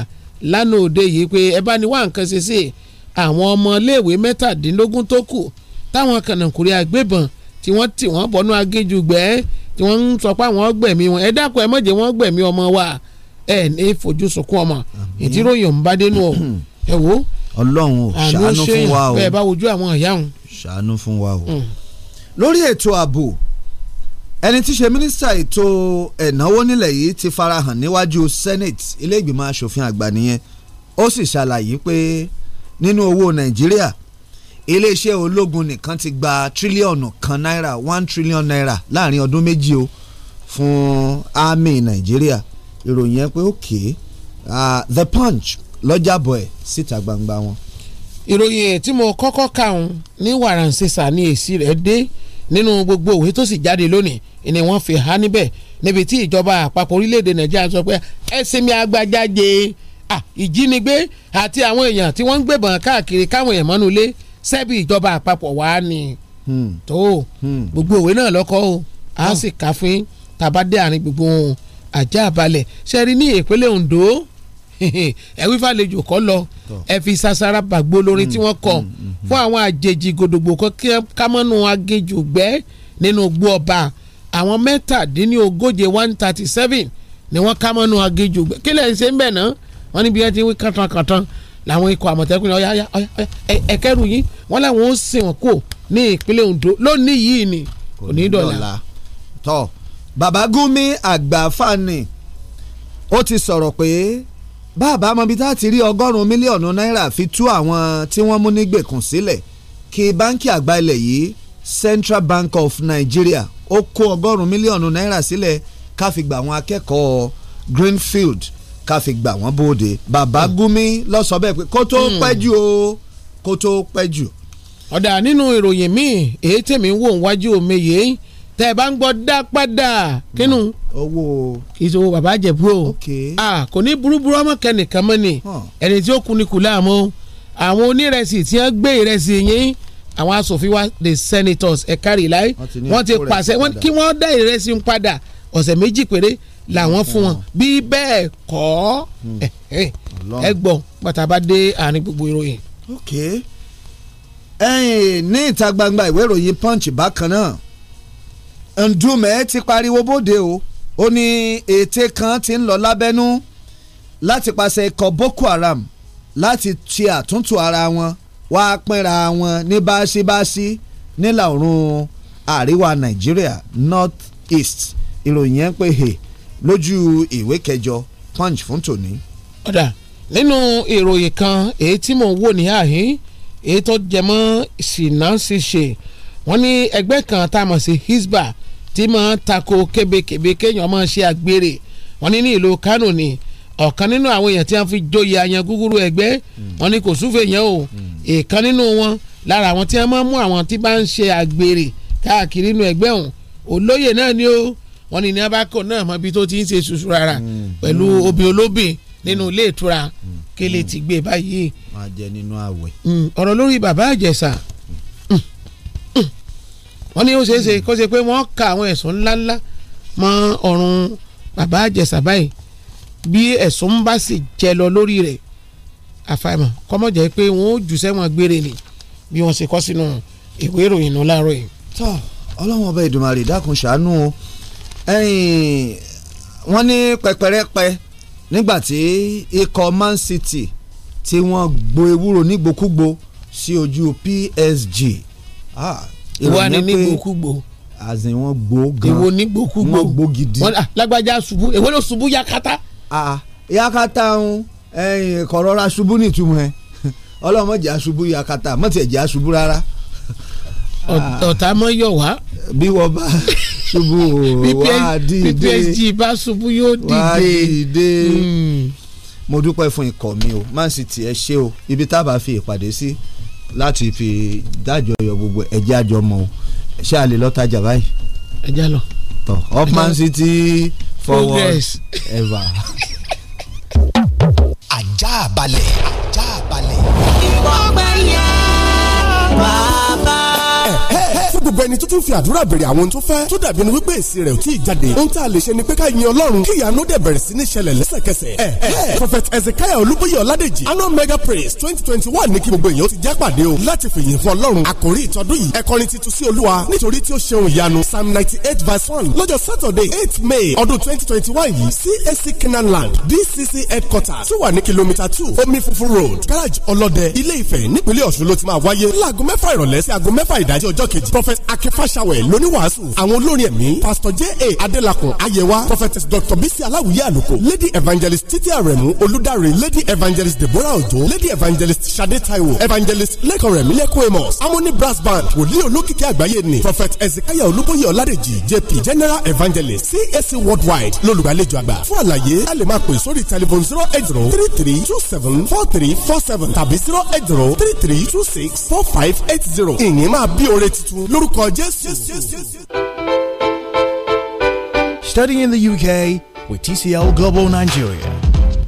lánàá òde yìí pé ẹ bá ní wá nǹkan ṣe sí àwọn ọmọ iléèwé mẹ́tàdínlógún tó kù táwọn kànáńkùnrin agbébọn tí wọ́n tì wọ́n bọ́nú agéjú gbẹ́ tí wọ́n ń sọ pé àwọn gbẹ̀mí wọn ẹ dákun ẹ má jẹ́ wọ́n gbẹ̀mí ọmọ wa ẹ ní fojú sunkún ọmọ ìdíròyìn ọ̀nbádẹ́nu ọ̀hún ẹ wo. ọlọ́run ò ṣàánú fún wa o. bẹ́ẹ̀ bá wojú àwọn ìyá òun. ṣàánú fún wa o. Mm. lórí ètò ààbò ẹni tí í ṣe mínísítà ètò ẹ̀náwó nílẹ̀ yìí ti farahàn níwájú senate ilé ìgbìmọ̀ asòfin àgbà nìyẹn ó sì ṣàlàyé pé nínú owó nàìjíríà iléeṣẹ́ ológun nìkan ti gba tírílíọ̀nù kan náírà one trillion naira láàrin ọdún méjì o fún army nàìjíríà ìròyìn yẹn pé òkè okay. uh, the punch lọ́jàbọ̀ ẹ̀ síta gbangba wọn. ìròyìn ẹ̀ tí mo kọ́kọ́ kà ń ní wàràǹsẹ̀sà ni èsì rẹ̀ dé nínú gbogbo òwe tó sì jáde lónìí ni wọ́n fi há níbẹ̀ níbi tí ìjọba àpapọ̀ orílẹ̀-èdè nàìjíríà sọ pé ẹ sinmi agbájáde ìjínigbé àti àwọn èèyàn tí wọ́n ń gbébọn káàkiri káwọn èèyàn mọ́nú ilé sẹ́bi ìjọba àpapọ̀ wá ni hmm. tó hmm. gbogbo òwe náà lọ́kọ́ o a ah. sì kà fún tàbá dé àárín gbogbo àjẹ́ àbalẹ̀ ṣe ní ìpínlẹ̀ Ondo ẹ wí fàlejò kọ́ lọ ẹ fi sasara bàgbó lórin mm, tí wọ́n kọ mm, mm, fún àwọn àjèjì gòdògbò kámọ́nù agéjò gbẹ́ nínú gbó ọba àwọn mẹ́tàdínlógóje one thirty seven ni wọ́n kámọ́nù agéjò gbẹ́ kí lẹ́yìn ṣe ń bẹ̀ náà wọ́n níbi ẹ ti wí kàtàkàtà làwọn ikọ̀ àmọ̀tẹ́kùn ọ̀yá ọ̀yá ẹ̀kẹ́rù yín wọ́n làwọn ó sìn wọ́n kò ní ìpínlẹ̀ Ondo lónìí yìí ni kò ní dọ̀là. tọ́ Bàbá Gumi Àgbàfani ó ti sọ̀rọ̀ pé bàbá mọbi tá a ti rí ọgọ́rùn-ún mílíọ̀nù náírà fi tú àwọn tí wọ́n mú nígbèkùn sílẹ̀ kí báńkì àgbà ilẹ̀ yìí Central Bank of Nigeria ó kó ọgọ́rùn-ún mílíọ̀nù náírà sílẹ̀ ká fi gbà àwọn akẹ́kọ̀ọ́ Greenfield ká fi gbà wọ́n bóde bàbá hmm. Gumi ló sọ bẹ́ẹ̀ pé kó tó hmm. pẹ́ jù o kó tó pẹ́ jù. ọ̀dà nínú ìròyìn míì èyí tèmi ń wò wájú omi yìí tẹ ẹ bá ń gbọ́ dá padà kínú owó ìṣòwò bàbá àjẹbú o kò ní burúburú ọmọ kẹnìkan mọ́ ni ẹni tí ó kun ni kù láàmú àwọn onírẹsì tí wọ́n gbé ìrẹsì yín àwọn asòfin wa the senators ẹ̀ka rìláì wọ́n ti pàṣẹ kí wọ́n dá ìrẹsì ń padà ọ̀sẹ̀ méjì péré làwọn fún wọn bí bẹ́ẹ̀ kọ́ hmm. ẹ gbọ́n bàtà bá dé àárín gbogbo ìròyìn. ní ìta gbangba ìwé ìròyìn punch bákan náà Ndume ti pariwo bóde o ó ní ète kan ti ń lọ lábẹ́nú láti pàṣẹ ikọ̀ Boko Haram láti ṣe àtúntò ara wọn wá pínra wọn ní báṣíbáṣí nílà oòrùn àríwá Nàìjíríà North East ìròyìn yẹn pé he lójú ìwé kẹjọ punch fún tòní. ọ̀dà nínú ìròyìn kan èyí tí mò ń wò ní àhín èyí tó jẹmọ́ ṣìnà ṣíṣe wọ́n ní ẹgbẹ́ kan tá a mọ̀ sí Hisbah tí máa ń tako kébékébé kéèyàn máa ṣe àgbèrè wọn ní ní ìlú Kánò ni ọ̀kan nínú àwọn èèyàn tí wọ́n fi joyè àyàn gúgúrú ẹgbẹ́ hmm. wọn ní kò súfè yẹn o èèkan hmm. nínú wọn lára àwọn tí wọ́n máa ń mú àwọn tí bá ń ṣe àgbèrè káàkiri inú ẹgbẹ́ ọ̀hún olóyè náà ni ó wọn ní ní abákọ̀ náà mọ ibi tó ti ń ṣe ṣùṣù rárá hmm. pẹ̀lú obìn olóbìn nínú ilé ìtura kele ti gbé báyìí. máa jẹ nínú àwẹ̀. ọ̀rọ̀ lórí bàbá Ìjẹ̀ṣà wọ́n ní ó ṣeé ṣe kó ṣe pé wọ́n ka àwọn ẹ̀sùn ńláńlá mọ́ ọ̀run bàbá àjẹsà báyìí bí ẹ̀sùn bá sì jẹ lọ lórí rẹ̀ àfàìmọ̀ kọ́mọ̀ jẹ́ pé wọ́n ó jù sẹ́wọ̀n gbére ni bí wọ́n ṣe kọ́ sínú ìwé ìròyìn náà láàárọ̀ yìí. tọ́ ọlọ́run ọba ìdùmarè dákun ṣàánú o wọ́n ní pẹpẹrẹpẹ nígbà tí ikọ̀ Man City tí wọ́n gbo ewúro nígbòkúgbò sí ojú PSG ah ìwọ ni nígbòkúgbò àzìn wọn gbó gan ìwọ nígbòkúgbò wọn gbó gidi ah, lágbájá ṣubú èwo ló ṣubú yakata. ah yakata ń kọ̀rọ̀ra ṣubú nìtumọ̀ ẹ ọlọ́mọdé aṣubú yakata mọ̀tì ẹ̀jẹ̀ aṣubú rárá. Ah. ọ̀tá mọ́ yọ̀ wá. bí wọ́n bá ṣubú wá dìde bí PSG bá ṣubú yóò dìde. wá dìde hmm. mo dúpẹ́ fún ikọ̀ mi o Man City ẹ ṣé o ibi tá a bá fi ìpàdé sí. Si láti fi dájọyọ gbogbo ẹ̀jẹ̀ àjọmọ́ ṣé a lè lọ tajà báyìí. ẹja lọ. tọ upman city forward ever. ajá balẹ̀ ajá balẹ̀. ìmọ̀ ọgbẹ́. gbogbo ẹni tó tún fi àdúrà béèrè àwọn tó fẹ́ tó dàbí ni wípé èsì rẹ̀ ò tí ì jáde ohun tá a lè ṣe ni pé ká yin ọlọ́run kí ìyanu dẹ̀ bẹ̀rẹ̀ sí ní ṣẹlẹ̀ lẹ́sẹ̀kẹsẹ̀ ẹ ẹ prophet ezekiah olúbóyè ọládèjì anọ mega praise twenty twenty one ní kí gbogbo èèyàn ti já pàdé o láti fìyìn fún ọlọ́run àkórí ìtọ́dún yìí ẹ̀kọrin titun sí olúwa nítorí tí ó ṣeun ìyanu psalm ninety eight verse one lọ́jọ́ saturday prophet akefashawe lóníwàásù àwọn olórin ẹ̀mí pastor j a adelakun Ayewa, prophetess dr bisi alawuye aluko lady evangelist titi aremu olùdarí lady evangelist deborah ojo lady evangelist sade taiwo evangelist lẹkọrẹ mílẹkùn amos amoni brass band wòlíì olókìkí àgbáyé ni prophet ezekiah olúbóyè ọládèjì jp general evangelist cac worldwide lolùgbàlejò àgbà fún àlàyé ẹ lè máa pè sórí tẹlifon zero eight zero three three two seven four three four seven tàbí zero eight zero three three two six four five eight zero ìyẹn máa bí oore tuntun lórí. lórúkọ jésù. Studying in the UK with TCL Global Nigeria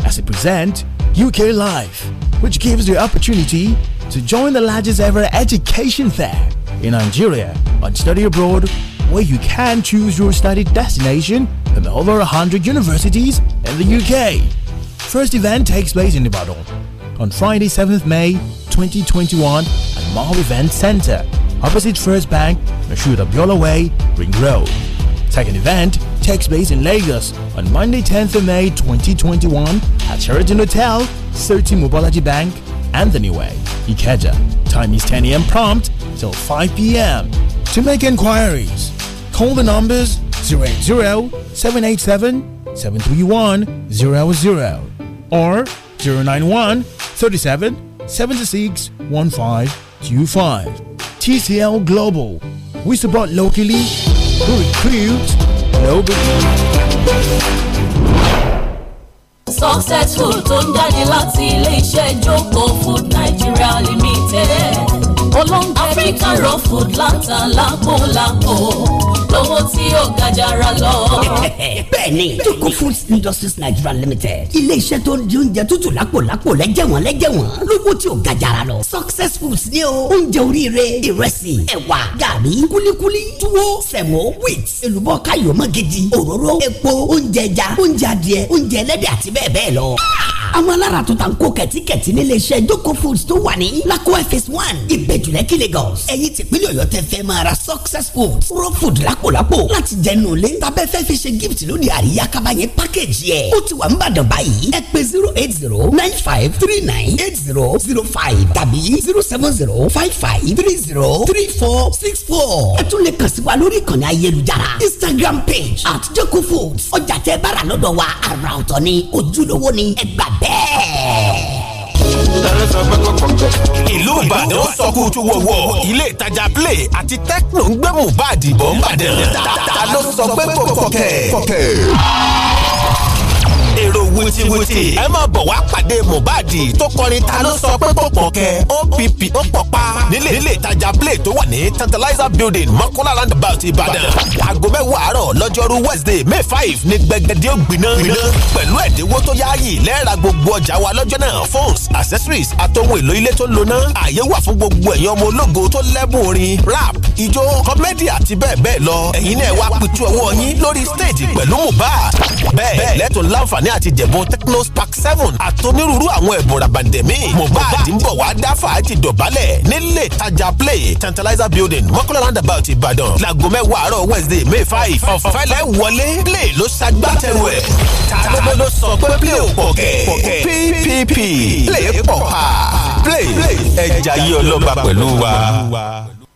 as it presents UK Live, which gives the opportunity to join the largest ever education fair in Nigeria on study abroad, where you can choose your study destination from over 100 universities in the UK. First event takes place in Ibadan on Friday, 7th May 2021 at Mall Event Center opposite First Bank, Mashud Biola Way, Ring Road. Second event takes place in Lagos on Monday 10th of May 2021 at Sheraton Hotel, Soti Mobology Bank, Anthony Way, Ikeja. Time is 10 a.m. prompt till 5 p.m. To make enquiries, call the numbers 080 787 731 00 or 091 37 76 1525. TCL Global. We support locally, we recruit globally. successful tó ń jáde láti ilé iṣẹ́ ìjókòó food Nigeria limited Africa raw food láta lápò lápò lówó tí ó ga jara lọ. bẹ́ẹ̀ni Joko Foods Industries Nigeria Limited iléeṣẹ́ tó ń di oúnjẹ tútù lápòlápò lẹ́jẹ̀wọ̀n lẹ́jẹ̀wọ̀n lówó tí ó ga jara lọ. Success Foods ní o oúnjẹ oríire ìrẹsì ẹ̀wà gàrí kúlíkúlí túwó sẹ̀mó wheat èlùbọ́ káyọ̀mọ́ gidi òróró epo oúnjẹ ẹja oúnjẹ adìẹ oúnjẹ ẹlẹ́dẹ̀ àti bẹ́ẹ̀ bẹ́ẹ̀ lọ àwọn alára tó ta ń kó kẹ̀tíkẹ̀tí nílé joko foods tó wà ní lakowa phase one ìgbẹ́jùlẹ́kì lagos ẹ̀yin tìpínlẹ̀ ọ̀yọ́ tẹ fẹ́ máa ra success food raw food lápòlápò láti jẹnu lé tàbẹ́ fẹ́ fi ṣe gift lóde àríyá kaba package yẹ ó ti wà ń bàdàn báyìí ẹ pè zero eight zero nine five three nine eight zero zero five tàbí zero seven zero five five three zero three four six four ẹ tún lè kàn sí wa lórí ìkànnì ayélujára instagram page at joko foods ọjà tẹ bára lọ́dọ̀ wa àrà ọ̀tọ̀ ni ojúlówó ni ẹgbàá bẹ́ẹ̀. ìlú ìbàdàn sọkú tuwọ́wọ́ ilé ìtajà play àti tecno ń gbé mohbad ìbọn ń bàdàn. ta ló sọ pé kò fọkẹ́ èrò wìtìwìtì ẹ máa bọ̀ wá pàdé Mohbad tó kọrin ta ló sọ pé kò pọ̀ OPP ó pọ̀ nílé ìtajà play tó wà ní Tantalizer building Mọ́kọ́lá roundabout Ìbàdàn aago mẹ́wàá àárọ̀ lọ́jọ́rú Wednesday May five ní gbẹgẹdẹ ògbìnà pẹ̀lú ẹ̀dínwó tó yáàyè lẹ́ẹ̀ra gbogbo ọjà wa lọ́jọ́ náà phones accessories àtòhun èlò ilé tó lona àyè wà fún gbogbo ẹ̀yàn ọmọ ológo tó lẹ́bùn orin rap ijó kọ́mẹ́dì àti bẹ́ẹ̀ bẹ́ẹ̀ lọ ẹ̀yin náà wá pitú ọwọ́ yín lórí stage pẹ̀lú Mohbad bẹ́ẹ̀ lẹ́tọ̀ọ́ láǹfààní àti jẹ̀bùn Tecno Spark seven àtonírúurú àwọn ẹ̀bùn ràbàǹdẹ̀ míì Mohbad ń bọ̀ wá dá fàájì dọ̀bálẹ̀ nílé ìtajà play Tantalizer building Mọ́kọ́lá roundabout Ìbàdàn láago mẹ́wàá àárọ̀ Wednesday May five ọ̀fẹ́lẹ́ wọlé play ló ṣagbátẹrù ẹ̀ ta ló sọ pé play ò pọ̀ kẹ̀ PPP play pọ̀ pa play ẹ̀jà yìí ọlọ́ba pẹ̀lú wa.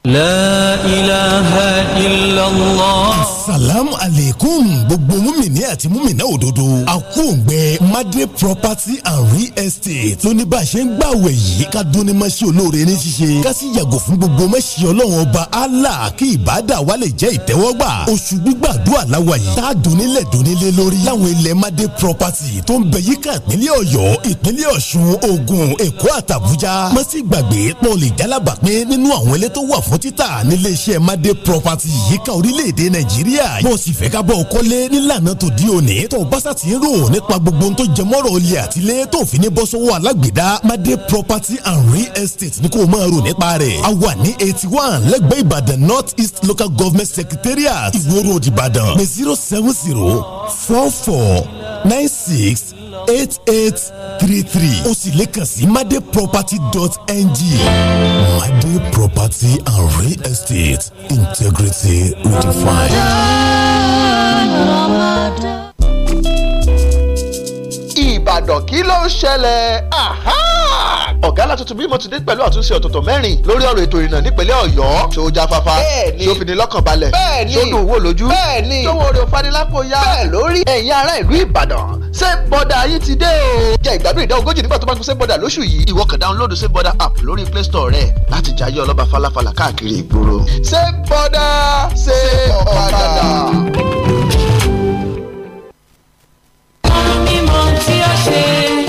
La ilaha illallah. Salamu alaikum gbogbo múmìnì àti múmìnà òdodo. Àkóǹgbẹ Madre Property and Real Estate tó ní bá a ṣe ń gbàwẹ̀ yìí ká dúnni máa ṣe olóore ní ṣíṣe. Ká sì yàgò fún gbogbo mẹ́sì ọlọ́run ọba Allah kí ìbádà wa lè jẹ́ ìtẹ́wọ́gbà. Oṣù gbígbàdúrà láwa yìí. Tá a dùnnílẹ̀ dùnnílé lórí. Láwọn ilẹ̀ Madre Property tó ń bẹ yíká ìpínlẹ̀ Ọ̀yọ́, ìpínlẹ̀ Ọ̀ṣun, Ògùn, Èkó àtàbújá. Má sì gbàgbé pọ̀ lè jálábàápín nínú àwọn ilé tó fún títà nílé iṣẹ́ Made property yíká orílẹ̀-èdè Nàìjíríà bó o sì fẹ́ ká bọ̀ kọ́lé nílànà tó di òní tó o bá sà ti ń rò nípa gbogbo ohun tó jẹ mọ́rọ̀ olè àtìlé tó fi ní bọ́ sọ́wọ́ alágbèédá Made property and real estate ní kó o máa rò nípa rẹ̀ a wà ní eighty one lẹ́gbẹ̀ẹ́ Ìbàdàn North East Local Government Secretariat Ìwó Road Ìbàdàn ní zero seven zero four four nine six eight eight three three ó sì lè kàn sí madeproperty.ng made property and real estate integrity redefined. ìbàdàn kí ló ń ṣẹlẹ̀ ọ̀gá alátuntun bímọ ti dé pẹ̀lú àtúnṣe ọ̀tọ̀tọ̀ mẹ́rin lórí ọ̀rọ̀ ètò ìrìnnà nípínlẹ̀ ọ̀yọ́ tó jáfáfá tó fi ní lọ́kàn balẹ̀ tó dùn wò lójú tó wo orí òfanilápò ya lórí ẹ̀yin ará ìlú ìbàdàn ṣé bọ́dà yín ti dé o. jẹ́ ìgbádùn ìdá ogójì nígbà tó bá ń ṣe bọ́dà lóṣù yìí ìwọ kàn dáńlódù ṣé bọ́dà app lórí play store rẹ láti jayé ọlọ́ba falafala káàkiri ìgboro. ṣé bọ́dà ṣe ọ̀kadà. te achei.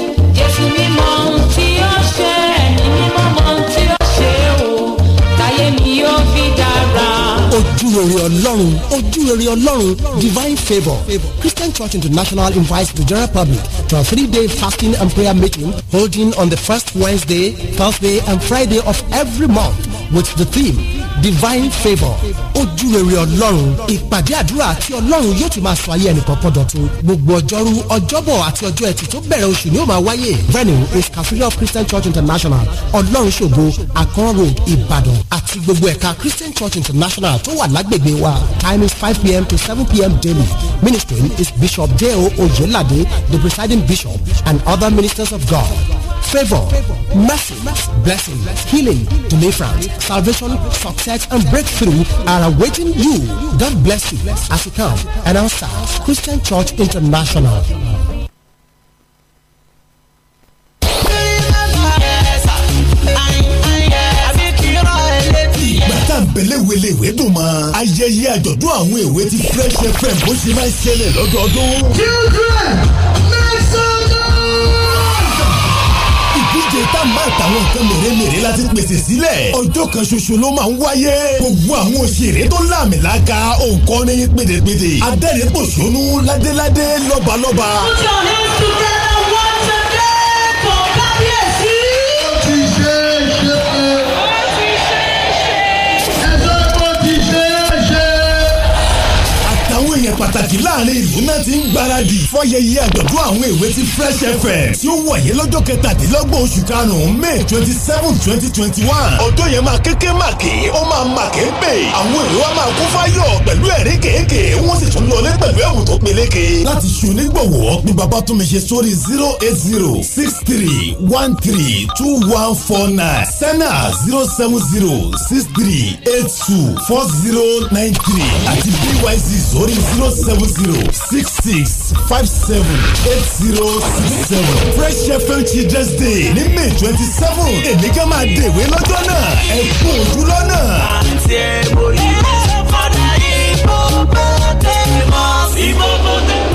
rere ọlọ́run ojú rere ọlọ́run divine favour christian church international invites the general public to a three-day fasting and prayer meeting holding on the first wednesday thursday and friday of every month with the theme divine favour ojú rere ọlọ́run ìpàdé àdúrà àti ọlọ́run yóò ti máa sọ ayé ẹnì kọ̀ọ̀kan dọ̀tun gbogbo ọjọ́rú ọjọ́bọ̀ àti ọjọ́ ẹtì tó bẹ̀rẹ̀ oṣù ni ó máa wáyé venue is cathedral christian church international ọlọ́run ṣògo akọ́rọ̀ ìbàdàn àti gbogbo ẹ̀ka christian church international tó wà lágbè lágbègbè wa time is five pm to seven pm daily ministering is bishop deo oyelade the presiding bishop and other ministers of god favor, mercy, blessing, healing, deliverance, salvation, success, and breakthrough are awaiting you. God bless you as you come and Christian Church International. tàǹbẹ̀lẹ̀wẹ̀lẹ̀ ayẹyẹ àjọ̀dún àwọn èwe ti fresh fm bó ṣe máa ń ṣẹlẹ̀ lọ́dọọdún. children make some ìdíje tá a máa tàwọn nǹkan mèremère láti pèsè sílẹ̀. ọjọ́ kan ṣoṣo ló máa ń wáyé. gbogbo àwọn òṣèré tó láàmìlàaka òǹkọ́ni pédèpédè. adẹ́rìn-pòṣónú ládéládé lọ́balọ́ba. ó jọ ní kíkẹ́. pàtàkì láàrin ìlú náà ti ń gbáradì fọyẹyẹ àjọ̀dún àwọn èwe ti Fresh FM tí ó wọ̀nyé lọ́jọ́ kẹtàdínlọ́gbọ̀n oṣù karùn-ún May twenty seven twenty twenty one ọjọ́ yẹn máa kéké màkì ó máa màkì ń pè àwọn èrò wa máa kún fáyọ̀ pẹ̀lú ẹ̀rí kéèké wọ́n sì tún lọlé pẹ̀lú ẹ̀wù tó peléke. láti ṣonígbọ̀wọ́ ni bàbá tún mi ṣe sórí zero eight zero six three one three two one four nine sena zero seven zero six three eight two four zero nine three àti byz sórí zero seven zero six six five seven eight zero six seven fresh fm children's day ní may twenty seven èmi kan máa dèwé lọ́jọ́ náà ẹ kú ojú lọ́nà. àǹtí ẹ̀ bòyí fọdà ìbò bó tẹ̀ mọ́ sí bó bó tẹ̀ mọ́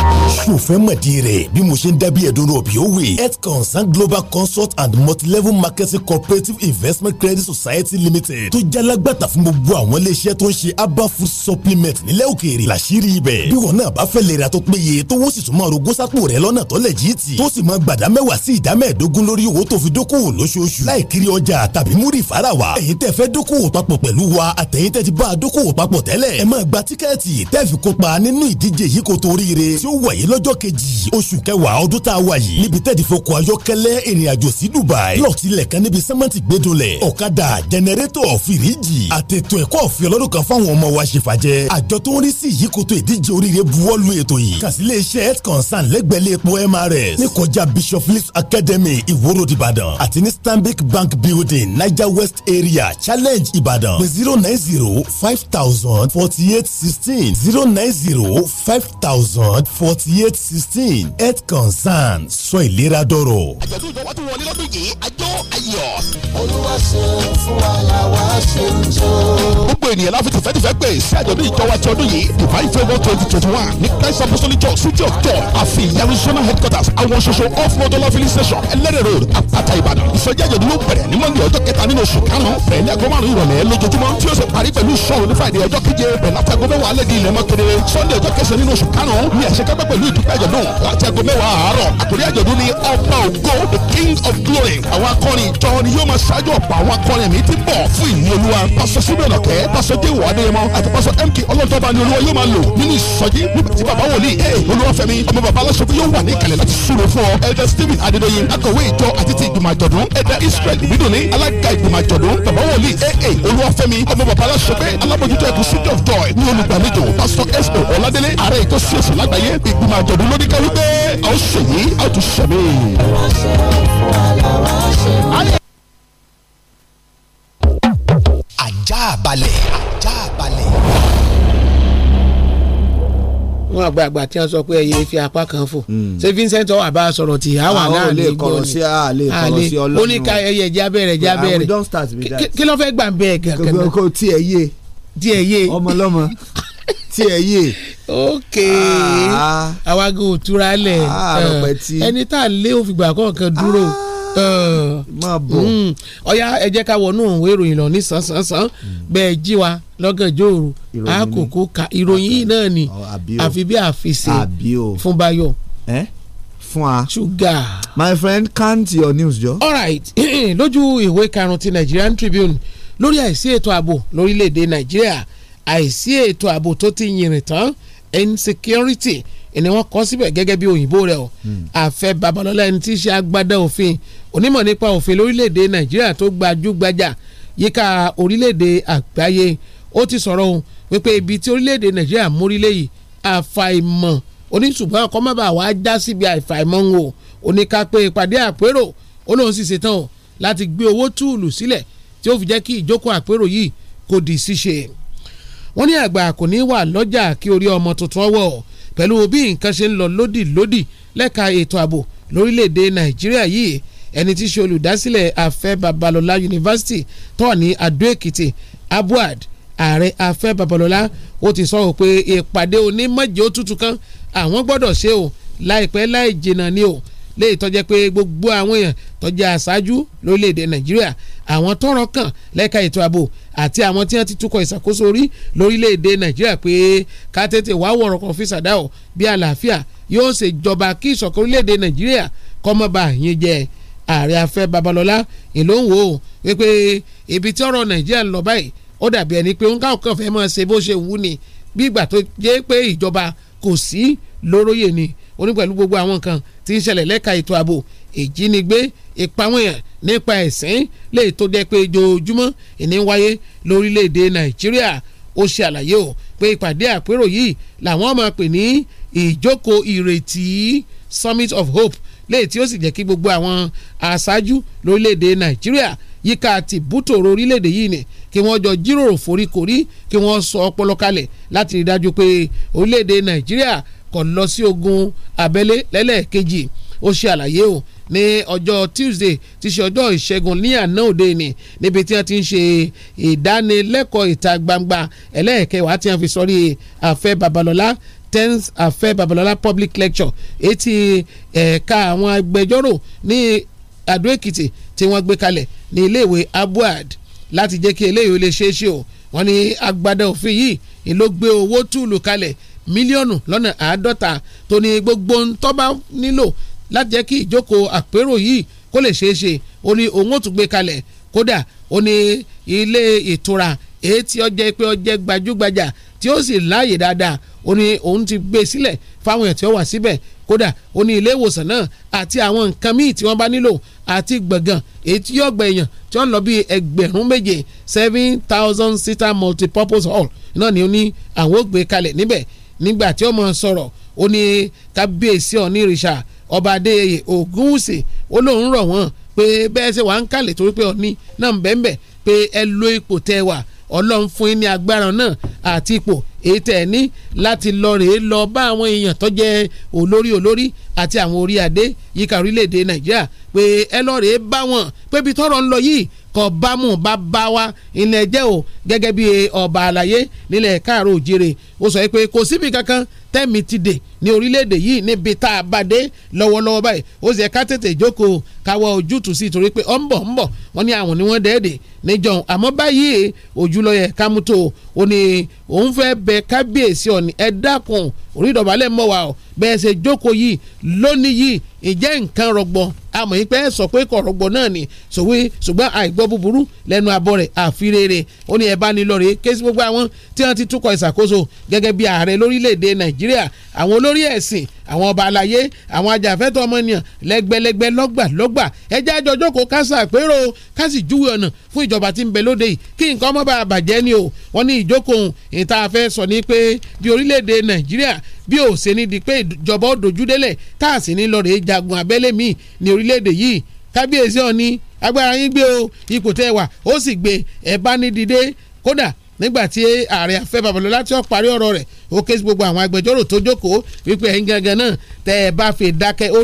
ṣùgbọ́n fẹ́ mọ̀dí rẹ̀ bí mo ṣe ń dábìí ẹ̀dùn òbí ó wè. health consult global consult and multilevel marketing cooperative investment credit society limited tó jalagbàtà fún gbogbo àwọn iléeṣẹ́ tó ń ṣe herbal food supplement nílẹ̀ òkèèrè làṣírí ibẹ̀. bí wọn náà bá fẹ́ lè ra tó péye tó wọ́n sì tún máa rogó sápò rẹ̀ lọ́nà tó lẹ̀ jí tì tó sì máa gbàdá mẹ́wàá sí ìdá mẹ́ẹ̀ẹ́dógún lórí owó tó fi dókòwò lóṣooṣù láì kiri ọjà tàbí múrì fara wa. ẹ̀yin tẹ́ fẹ́ dókòwò papọ̀ pẹ̀lú wa àtẹ̀yin tẹ́ ti bá a dókòwò papọ̀ tẹ́lẹ̀. ẹ máa gba tíkẹ́ẹ̀tì tẹ́ fi kópa nínú ìdíje yìí kó toríire tí yóò wáyé lọ́jọ́ kejì oṣù kẹwàá ọdún tá a wà yìí níbi tẹ́ẹ̀dì fọkọ̀ ayọ́kẹ́lẹ́ ìrìnàjò sí Dubai lọ́ọ̀tì lẹ̀kan níbi sẹ́mẹ́ntì gbẹ́dọ̀lẹ̀ ọ̀kadà jẹnẹrétọ̀ fìríjì àtètò ẹ̀kọ́ ọ̀fìn ọlọ́dún kan fáwọn ọmọ wa ṣèfàjẹ́ àjọ tó ń rí sí ìyíkoto ìdíje oríire buwọ́lu ètò yìí kàsílẹ̀ iṣẹ́ health concern lẹ́gbẹ̀lẹ́ epo MRS ní kọjá Bishop Phillips Academy ìwòrò Ìbàdàn àti ní Stanbic Bank Building Niger West Area Challenge Ìbàdàn pé zero nine zero five thousand forty eight sixteen zero nine zero five thousand forty eight sixteen health concern sọ ìlera dọ̀rọ̀. àjọ̀dún ìjọba tó wọlé lọ́dún yìí àjọ ayọ̀. olúwa ṣeun fún wa làwa ṣe ń jó. gbogbo ènìyàn láfi tìfẹ́tìfẹ́ pè sí àjọ̀dún ìjọba ti ọdún yìí divine favour twenty twenty one ní christ apostolic church sujú ọjọ́ àfi ìyanu sọ́nà headquarters àwọn ṣoṣo off road olófin station ẹlẹ́rẹ̀ road àpáta ìbàdàn ìsọjí àjọ̀dún ló bẹ̀rẹ̀ ní monday ọjọ́ kẹta nínú oṣù karùn-ún bẹ̀rẹ̀ ní aago márùn-ún ìrọ̀lẹ́ dábẹ́ pẹ̀lú ìdúpẹ́ àjọ̀dún láti aago mẹ́wàá àárọ̀ àtòrí àjọ̀dún ni ọba ògo the king of glory àwọn akọrin ìjọ ni yóò máa ṣáájú ọ̀pọ̀ àwọn akọrin mi ti bọ̀ fún ìní olúwa pásọ síbẹ̀ lọ́kẹ́ pásọ déwọ̀ adéyẹmọ àti pásọ mk ọlọ́dọ́ba ni olúwa yóò máa lò nínú ìsọjí nígbà bàbá wòlíì ẹ olúwafẹ́mi ọmọ bàbá aláṣọkú yóò wà ní ìkàlẹ̀ láti súre fún ọ elder stephen adédọ́yìn akọ̀wé ìjọ àti ti ìgbìmọ̀ àjọ̀dún elder israel ìbídùnní alága ìgbìmọ̀ àjọ̀dún bàbá wòlíì ẹ olúwafẹ́mi ọmọ bàbá aláṣọkú alábòjútó ẹkùn city of joy ní olùgbàlejò pastor esco ọládélé ààrẹ ìkọ́síọ̀sì lágbàáyé ìgbìmọ̀ àjọ̀dún ló ní ká wípé ó ṣèyí a ó tún ṣe mí. ajá balẹ̀ ajá balẹ̀. wọn àgbààgbà tí wọn sọ pé ẹyẹ fi apá kan fò hmm. ṣé Vincent ọwọ àbá sọ̀rọ̀ tí àwa náà lè kọrọ sí a lè ó ní ká ẹyẹ jábẹrẹ jábẹrẹ kí ló fẹ́ gbà gàgànà. kò tiẹ̀ yé. yé. ọmọ lọ́mọ. tí ẹ yé. ok ah. àwa gan òtúra lẹ ah, eh, ẹni tá a lé òfìgbà kọ̀ọ̀kan dúró ah, eh, máa bọ̀ mm. ọ̀yá ẹ jẹ́ ká wọnú òun ìròyìn lọ ní sánsánsán bẹ́ẹ̀ jí wa lọ́gànjọ́ òru àkókò ka ìròyìn yìí náà ni àfi bí àfìsè fún Báyọ̀. fún a Sugar. my friend count your news jọ. all right lójú ìwé karùn-ún ti Nigerian Tribune lórí àìsí ètò ààbò lórílẹ̀‐èdè Nàìjíríà àìsí ètò ààbò tó ti yìnrìn tán insecurity ni wọ́n kọ́ síbẹ̀ gẹ́gẹ́ bí òyìnbó rẹ̀ o hmm. àfẹ́ babalọ́lá ẹni tí í ṣe agbádá òfin onímọ̀ nípa òfin lórílẹ̀‐èdè nàìjíríà tó gbajú-gbajà yíká orílẹ̀‐èdè àgbáyé ó ti sọ̀rọ̀ o wípé ibi tí orílẹ̀‐èdè nàìjíríà mórílẹ̀ yìí àfàìmọ̀ oníṣùgbọ́n ọkọ má bàa wá já síbi àfàìmọ̀ ń o oníkápé ìpàdé àpérò ó lóun sì ṣetán o láti gbé owó túùlù sílẹ̀ tí ó fi jẹ́ kí ìjókòó àpérò yìí kò di ṣíṣe wọ́n ní àgbà kò ní wà lọ́jà kí orí ọmọ tuntun ọwọ́ pẹ̀lú bí nǹkan ṣe ń lọ lódì lódì lẹ́ka ètò ààbò lórílẹ̀‐èdè nàìjíríà yìí ẹni tí í ṣe olùdásílẹ̀ afẹ́ babalọ́lá yunifásitì tó ní adó èkìtì abuad ààrẹ afẹ́ babalọ́lá ó ti sọ ọ́ pé ìpàdé onímọ̀jẹ̀ òtútù kan àwọn gbọ́dọ̀ ṣe o láìpẹ́ láì jìnnà ni o léyìí tó pé gbogbo àwọn èèyàn tó jẹ́ lórílẹ̀‐èdè nàìjíríà àwọn tọ́rọ̀ kàn lẹ́ka ètò ààbò àti àwọn tí wọ́n ti túkọ̀ ìṣàkóso rí lórílẹ̀‐èdè nàìjíríà pé ká tètè wá wọ̀rọ̀ kan fi ṣàdá o bí àlàáfíà yóò ṣe jọba kí ìṣọ̀kan orílẹ̀‐èdè nàìjíríà kọ́mọba yín jẹ ààrẹ afẹ́ babalọ́lá ìlóhùn o wípé ibi tí ọ̀rọ̀ nàìjíríà lọ báyìí ó dàbí ẹni pé nǹkan kan fẹ́ máa ṣe bó ṣe wù ni bí ìgbà tó jẹ́ pé ìjọba kò sí lóróyè ni onípẹ̀lú gbogbo àwọn nǹkan tí ń ṣẹlẹ̀ lẹ́ka ètò ààbò ìjínigbé ìpamọ́ èèyàn nípa ẹ̀sìn lè tó jẹ́ pé ojoojúmọ́ ìní ń wáyé lórílẹ̀‐èdè nàìjíríà ó ṣe àlàyé o pé ìpàdé àpérò yìí làwọn máa pè ní ìjókòó ìrètí summit of hope léè tí ó sì jẹ́ kí gbogbo àwọn aṣáájú lórílẹ̀‐èdè nàìjíríà yíká ti bútòrò orílẹ̀‐èdè yìí ni kí wọ́n jọ jíròrò foríkorí kí wọ́n sọ ọpọlọ kalẹ̀ láti rí dájú pé orílẹ̀‐èdè nàìjíríà kò lọ sí ogun abẹ́lé lẹ́lẹ́kejì ó ṣe àlàyé o ní ọjọ́ Tuesday ti ṣe ọjọ́ ìṣẹ́gun ní àná òde ni níbi tí wọ́n ti ń ṣe ìdánilẹ́kọ̀ọ́ ìta gbangba ẹlẹ́ẹ̀kẹwàá tí wọ́n fi sọrí àfẹ́ Babalọ́lá tenth àfẹ́ Babalọ́lá public lecture èyí tí ẹ̀ka àwọn agbẹjọ́rò ní Adó Èkìtì tí wọ́n gbé kalẹ̀ ní iléèwé abuad láti jẹ́ kí eléyìí ó lè ṣeé ṣe o wọ́n ní agbada òfin yìí ni gbé owó túùlù kalẹ̀ mílíọ̀nù lọ́nà àádọ́ta tó ní gbogbo ń tọ́ba nílò láti jẹ́ kí ìjókòó àpérò yìí kó lè ṣeé ṣe ó ní òun ó tún gbé kalẹ̀ kódà ó ní ilé ìtura èyí tí ó jẹ́ pé ó jẹ́ gbajúgbajà tí ó sì láàyè dáadáa ó ní òun ti gbé sílẹ̀ fáwọn ẹ̀ tí ó wà síbẹ̀ kódà ó ní ilé ìwòsàn náà àti àwọn nǹkan míì tí wọ́n bá nílò àti gbọ̀ngàn èyí tí yóò gba èèyàn tí wọ́n lọ bí ẹgbẹ̀rún méje seven thousand seater multipurpose hall náà ni ó ní àwọn ó gbé kalẹ̀ níbẹ̀ nígbà tí ó mọ̀ sọ̀rọ̀ ó ní kábíyèsí ọ̀nìrìṣà ọba adéyẹyẹ ògúnwùsì ó lóun rọ̀ wọ́n pé bẹ́ẹ̀ ṣe wà ń kàlẹ̀ torí pé ọ̀ní náà ń bẹ́ẹ̀ bẹ́ẹ̀ pé ẹ lo ipò tẹ́ wà ọlọ́run fún yín ní agbára náà àti ipò ètò ẹ̀ ní láti lọ rèé lọ bá àwọn èèyàn tó jẹ́ olórí olórí àti àwọn orí adé yíká orílẹ̀-èdè nàìjíríà pé ẹ lọ rèé bá wọn pé ibi tọ́rọ̀ ń lọ yìí kò bámu bá bá wa ilẹ̀ jẹ́ o gẹ́gẹ́ bí ọba àlàyé nílẹ̀ káàró òjèrè ó sọ pé kò síbi kankan tẹ́mi ti dè ní orílẹ̀-èdè yìí níbi tá a bá dé lọ́wọ́lọ́wọ́ báyìí ó sì ẹ̀ ká tètè jókòó káwọ́ ojútùú sí torí pé ọ ń bọ̀ ń bọ̀ wọ́n ní àwọn ni wọ́n dẹ́ẹ̀dẹ̀ níjọ́ àmọ́ báyìí ojúlọ́yẹ̀ kámútó ò ní òun fẹ́ b bẹ kábíyèsí ọ̀ní ẹ dákun onídọ̀bálẹ̀ mọ́ wa ọ̀ bẹ́ẹ̀ ṣe jókòó yìí lónìí yìí ìjẹ́ nǹkan rọgbọ àmọ́ yìí pé ẹ sọ pé kò rọgbọ náà ni sòwé ṣùgbọ́n àìgbọ́ búburú lẹ́nu abọ́ rẹ̀ àfirèrè ó ní ẹ bá ní lọ́ọ̀rẹ́ ké sí gbogbo àwọn tí wọ́n ti túkọ̀ ìṣàkóso gẹ́gẹ́ bí ààrẹ lórílẹ̀‐èdè nàìjíríà àwọn olórí ẹ̀sìn àwọn ọba àlàyé àwọn ajàfẹ́tọ̀ ọmọnìyàn lẹ́gbẹ̀lẹ́gbẹ̀ lọ́gbàlọ́gbà ẹjẹ́ àjọjókòó kásá àpérò kásì júwe ọ̀nà fún ìjọba tí ń bẹ lóde yìí kí nǹkan ọmọ bá bàjẹ́ ni o wọ́n ní ìjókòó ìta afẹ́ sọ ní pé bí orílẹ̀-èdè nàìjíríà bí ó ṣe ní di pé ìjọba ó dojú délẹ̀ tá a sì ní lọ́ọ̀rẹ́ jagun abẹ́lé míì ní orílẹ̀-èdè yìí kábíyèsí ọ̀ni agbára yín gbé o ipò tẹ́ wà ó sì gbé ẹ̀ bá ní dìde kódà nígbà tí ààrẹ afẹ́ babalọ́lá tí ó parí ọ̀rọ̀ rẹ̀ ó ké sí gbogbo àwọn agbẹjọ́rò tó jókòó wípé ẹ̀yin gangan náà tẹ́ ẹ bá fi dákẹ́ ó